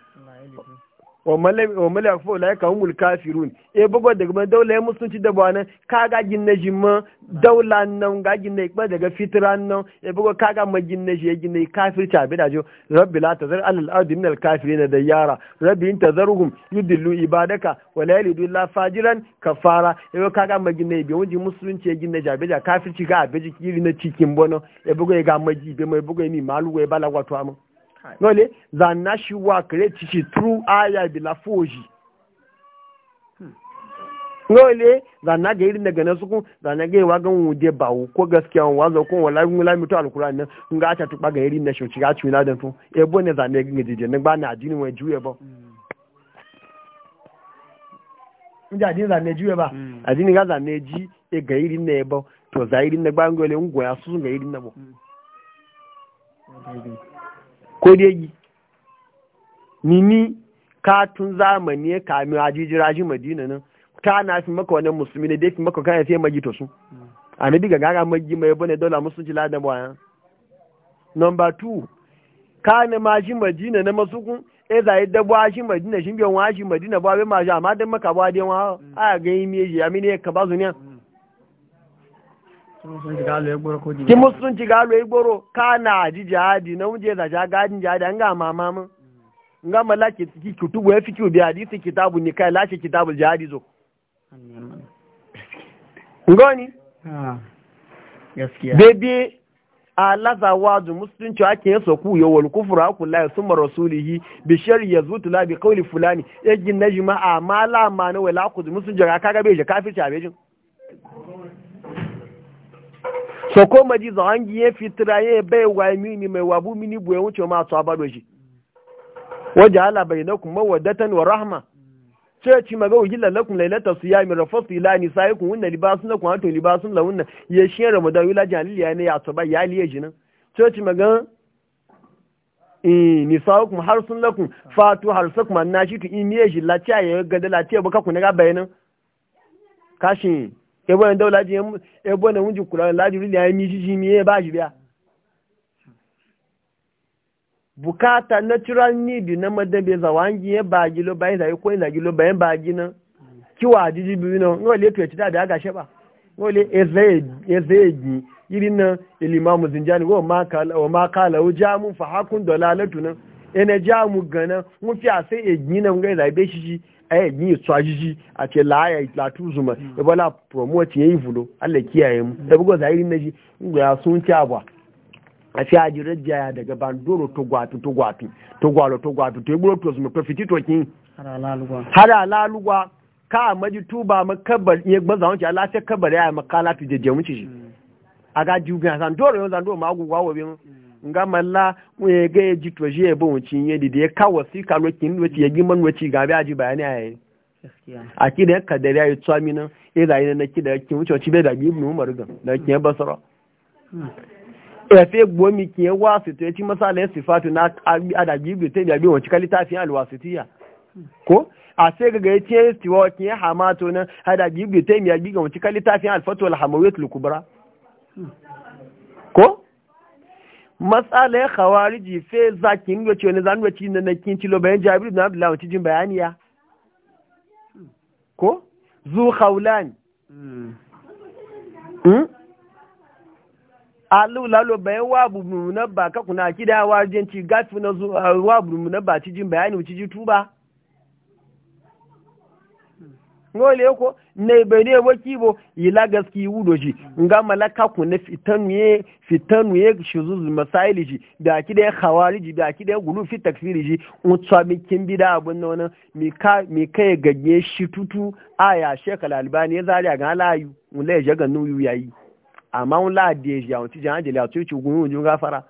wa mala fa ulai ka mulka firun e eh, bugo daga ma daula musulunci da bane ka ga ginne jimma daula nan ga ginne ba daga fitran nan e bugo ka ga gina je ginne kafirci abi da dajo rabbi la tazar alal ardi min al kafirin da yara rabbi intazarhum yudillu ibadaka wa la yalidu illa fajiran kafara e eh, bugo ka ga gina bi wonji musulunci ya gina jabe da kafirci ga abeji kiri na cikin bono e bugo ga maji be mai bugo ni malu we bala wato amma za na shi wa kare ciki tru aya bila foji hmm. za na ga irin daga kun za na ga yawa gan wude ba ko gaskiya wa zo ko wala mun la mutu alquran nan kun ga ta tuba ga irin na shoci ga ci na dan to e bo hmm. ne zanna ga jeje ne ba na ajini wa juye ba mun ja din zanna juye ba ajini ga zanna ji e ga irin ne ba to za irin na ba ngole ngwa su ga irin na ba ko dai ka katun zamani ya kami ajijira ji madina nan ta na fi maka wani musulmi ne dai fi maka kan sai magito su a ne diga gaga magi mai bane dola musulunci ladan bayan number 2 kana ma ji madina na masukun e za yi dabo a shi madina shi biyan wa shi madina ba bai ma shi amma dan maka ba dai wa a ga yi meji amini amine ka ba zuniya ki musulunci galo igboro na ji jihadi na wuje ga jagadin jihadi an ga mama mun mm. nga mala ki kutubu ya fiki bi hadisi kitabu ni kai lashe kitabu jihadi zo ngoni gaskiya bebe alaza wazu musulunci ake yin soku ya wal kufra ku la summa rasulihi bi ya zutu la bi qawli fulani yajin najma amala ma na wala ku musulunci ka ga be je kafirci abejin so ko maji zawangi ya fitira ya bai wa mini mai wabu mini buye wuce ma su abado shi waje ala bai na kuma wadatan wa rahma sai ci maga wuji lallakun lailata su yami rafasu ila ni sai kun wunna libasun na kun hato libasun la wunna ya shi ramadan wila jaliliya ne ya tuba ya liye jinan sai ci maga har harsun lakum fatu harsakum annashitu in yaji la cha ya gadala ce baka kun ga bayanan kashin ebo en daula ji ebo na wunji kula la ri ya mi ji mi e ba ji biya bukata natural need na madabe zawangi ya ba gilo bayan zai ko ina gilo bayan ba bi no no le tuwa e tida da ga sheba no le ezai e ezai irin na ilimamu zinjani wa ma kala wo ma kala jamu fa hakun dalalatu na ene jamu gana mu fi asai e gina ngai zai be ai ni tsajiji a ce la ya latu zuma ya bala promote yayi yi Allah kiyaye mu da bugo zahiri naji ya sun ci abwa a ce ajirar jaya daga bandoro to gwatu to gwatu to gwalo to gwatu to gburo to zuma to fiti to kin hada lalugwa ka maji tuba makabar iya gbaza wanci ala sai kabar ya makala tu jeje mu ci shi aga jugan san doro yanzu doro ma agugwa wobe mu nga malla mu ya ga ji to shi ya bin wucin yadi de ka wasi ka roki ni wuci ya gi man wuci ga bi aji bayani a yi a ki da ka da ya yi tsami e da rayu na ki da ki wuce ci be da bi ibnu umar gan da ki ya basara hmm. e fe mi ki wa wasu to ti masala ya sifatu na adabi bi te da bi wuci kalita fi alwasitiya hmm. ko a sai ga ya ce istiwa ki ya hamato nan adabi ibnu ta ya bi ga wuci kalita fi alfatu alhamawiyat lukubra hmm. ko matsala ya khawariji fe zakin yi wace wani zan wace ne na kin tilo bayan Jabir ibn abu wace jin bayaniya ko zu khawlan hmm alu lalo bayan wa bu munabba ka kuna kidawa jinci gafi na zu ah, wa bu munabba ci jin bayani wuce ji tuba ngole ko ne bene waki bo ila gaski wudo shi nga malaka fitanu ne fitanu ye shuzuzi masaili ji. da kide da ji, da kide gulu fi takfiri ji. mutsa mi kin bida abun nan mi ka mi kai gaje aya albani ya zari ga layu mun jaga nuyu yayi yi. Ama la adyeji ya un ti jan atu ci gun un gafara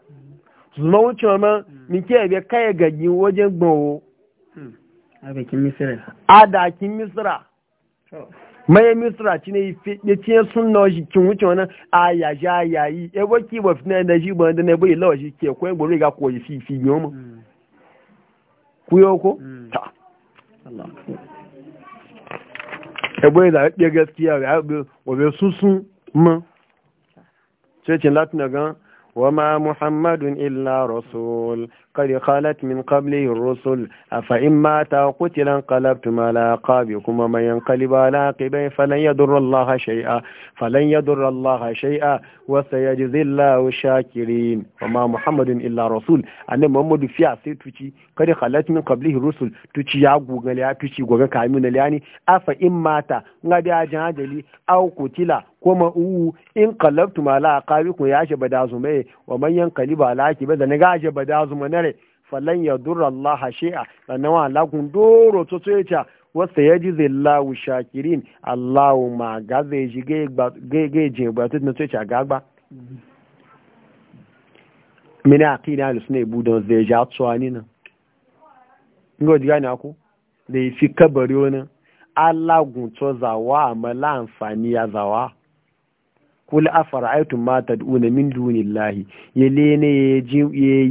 zuma wuce ma mi ke kai gaje wajen gbawo hmm. a bakin a da kin misira maye misra ci ne ya ce suna wa shi kin wuce wani a ya ja ya yi e waki ba fi da shi ba da na bai lawa shi ke ko gbori ga ko fi fi biyo mu mm. ku yo ko mm. ta Allah e bai da e ya gaskiya ya bi wa bai susun mu sai latin gan wa ma muhammadun illa rasul قد خالت من قبله الرسل أفإن مات وقتل انقلبتم على عقابكم ومن ينقلب على عقبيه فلن يضر الله شيئا فلن يضر الله شيئا وسيجزي الله الشاكرين وما محمد إلا رسول أن محمد في عصير تشي قد خالت من قبله الرسل تشي يعقو غليا تشي غوغا كامين لياني أفإن مات غادي أجاجلي أو قتل kuma uwu in kalabtum ala aqabikum ya shi badazuma wa man yankaliba ala akiba da naga shi badazuma na falan ya dura Allah shi'a sannan wa lagun doro to to yace wasa yaji zillahu shakirin Allahu ma ga zai ji ga je ba to to yace ga gba mina aqida al sunna bu don zai ja tswani na ngo diga ni aku da fi kabari wani alagun to zawa amala amfani ya zawa kul afara'aytum ma tad'una min dunillahi yele ne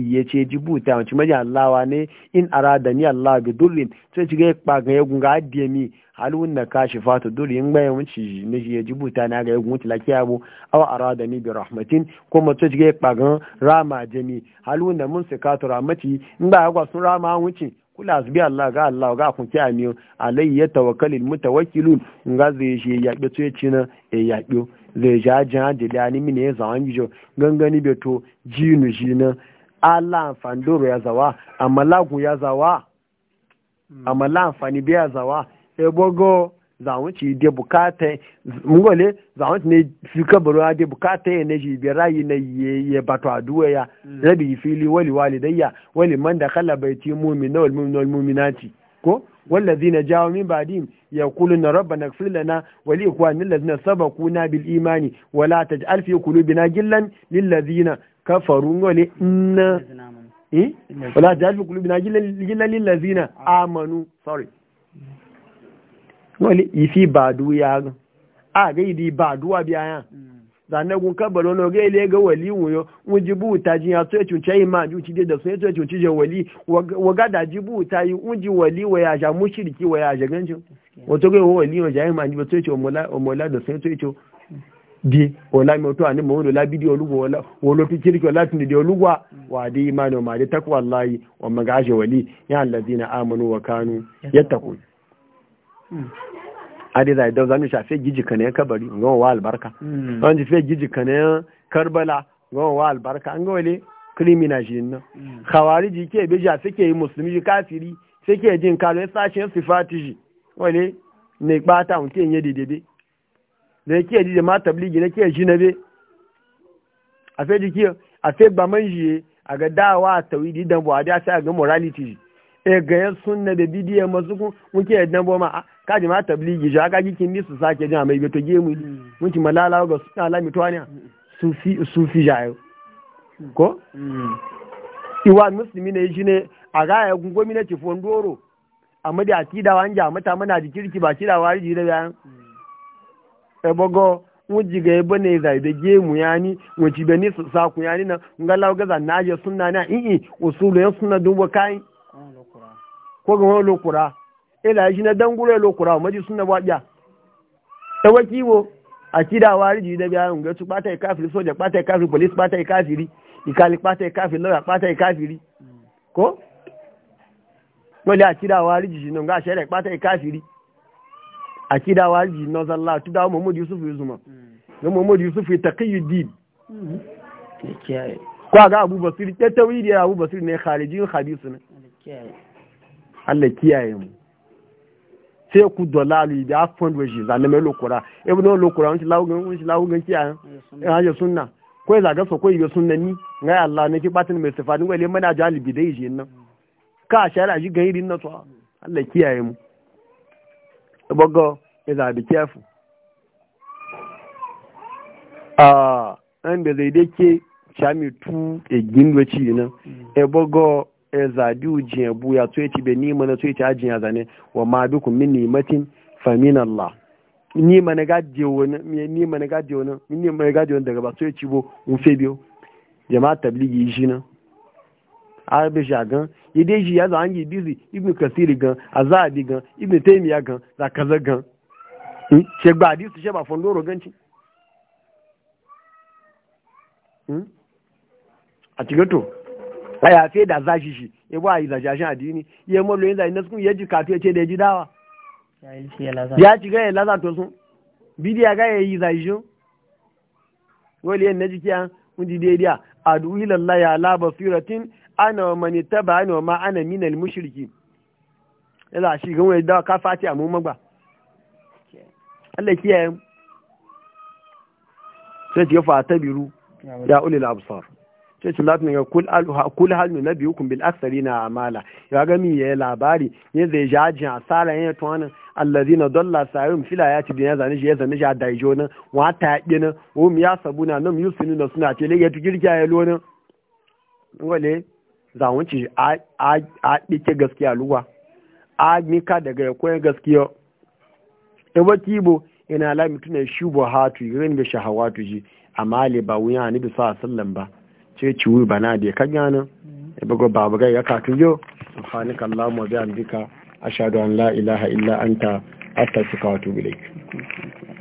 ya ce jibuta wace maji Allah ne in arada ni Allah bi durrin sai ji ga pa ga yugun ga adiye mi halun na kashifatu durri in bayan wuce ne ya jibuta na ga yugun wuce lakiya aw arada ni bi rahmatin kuma sai ci ga pa ga rama jami halun na munsikatu rahmati in ba ga sun rama wuce kula su bi Allah ga Allah ga kun ki amiyo alayya tawakkalul mutawakkilun in ga zai shi ya bi to ya ci na ya biyo zai ja jan da ni mine ya zawan gijo gangani bai to jinu ji na ala amfani doro ya zawa amma lagun ya zawa hmm. amma la amfani bai ya zawa ebogo zawon ci de bukata mungole zawon ne fi kabaru de bukata ne ji bi rayi na ye bato aduwa ya hmm. rabi fili wali walidayya wali man da kala baiti mu'mina wal mu'minati ko والذين جاءوا من بعدهم يقولون ربنا اغفر لنا ولإخواننا الذين سبقونا بالإيمان ولا تجعل في قلوبنا جلا للذين كفروا ولإن ولا تجعل في قلوبنا جلا للذين آمنوا سوري ولي في بعدو يا a gaidi بعدو duwa zane gun kabaro na ga ile ga wali wuyo wujibu ta jin ya cunce yi ma ci da tsoye tsoye cunce je wali waga da jibu ta yi wuji wali wa ya ja mushriki wa ya ja wato ga wali wa ja yi ma e e e ni ba ce omola da tsoye tsoye ce di wala mi to ani mo la bidi olugo wala wolo fi kirki wala tin di olugwa wa di imani ma di takwa wallahi wa magaje wali ya allazina amanu wa kanu yattaqun ade zai da zamu shafe giji kane kabari gon wa albarka hmm. an ji fe giji kane karbala gon wa albarka an ga wale krimina shi nan hmm. khawariji ke be ja suke yi musulmi kafiri suke jin kalo sashen sifati shi wale ne bata un ke yedi dede ne ke ji ma tabligi ne ke shi be a fe jiki a fe ba ji a ga dawa tawidi dan bo a da sai ga morality e ga yan sunna da bidiyo masu ku muke dan bo ma kaji ma tabligi ja ka gikin ni su sake jama mai beto gemu mm. mun ci malala ga su kala mitwani mm. sufi sufi jayo mm. ko iwa muslimi ne shi ne a ga ya gwamnati fondoro amma da akida wa anja mata mana kirki ba kira wari da bayan ebogo wuji ga yabo ne zai da gemu ya ni wuci da ni su saku ya ni na ngala ga zan naje sunna na i i usulu ya sunna dubo kai ko ga wani lokura ila shi na dangure lokura maji suna waɗiya ta wakiwo a kidawa riji da biya ga su ɓata kafiri soja ɓata kafiri polis ɓata kafiri ikali ɓata kafiri lauya ɓata kafiri ko wani a kidawa riji shi nan ga shaida ɓata kafiri a kidawa riji na zalla tu dawo muhammadu yusuf yusuma ga mahmud yusuf ya taqiyuddin ko ga abu basiri ta tawili abu basiri ne kharijin hadisu ne Allah kiyaye mu sai ku dolalu da afon waje zane mai lokura e, ibn lokura wani lawugan wani lawugan kiya ya haje eh, sunna ko za ga so ko yi sunna ni ngai Allah ne ki batin mai sifani wale mana jalibi dai na ka shara ji ga irin na mu e, bi e tu e zadi buya to yace be nima na to yace ya zane wa ma kun min nimatin fa min Allah nima na gaje wona ni ma na gaje wona min nima na gaje wona daga ba to yace bo mun fe biyo jama'a tabligi shi na arabe shi gan yi dai shi ya zan an yi dizi ibnu kasiri gan azadi gan ibnu taymiya gan kaza gan ṣe hmm? gba àdìsí ṣe ba fondoro ganci hmm? a cikin to a yafe da zashi shi ya ba yi zashashin addini ya malo yin zai na sukun ya ji kato ya ce da ya ji dawa ya ci gaya laza to sun bidiya ga ya yi zashin wali yan na jikiya mun ji daidai adu ilallah ya la basiratin ana wa mani taba ana wa ma ana minal mushriki yana shi gan wani dawa ka fati a mu magba Allah kiyaye sai ce fa tabiru ya ulil absar sai su lati ga kul alha kul hal na biyu kun bil na amala ya ga mi yayi labari ne zai jaji asara ya to allazi na dalla sayum fila ya ci zane shi ya shi a daijo nan wa ta yi nan o mu ya sabuna nan yusinu na suna ce ya girgiya ya lona. wale za wuce a a gaskiya luwa a mika daga ya koyi gaskiya e ba kibo ina la mutune shubu hatu yin da shahawatu ji amma le ba wuya ni bi sa sallan ba sai ciwu bana da kan yana ya mm. bugu babu gai ya katun yo subhanaka allahumma bihamdika ashhadu an la ilaha an ta astaghfiruka wa atubu bilik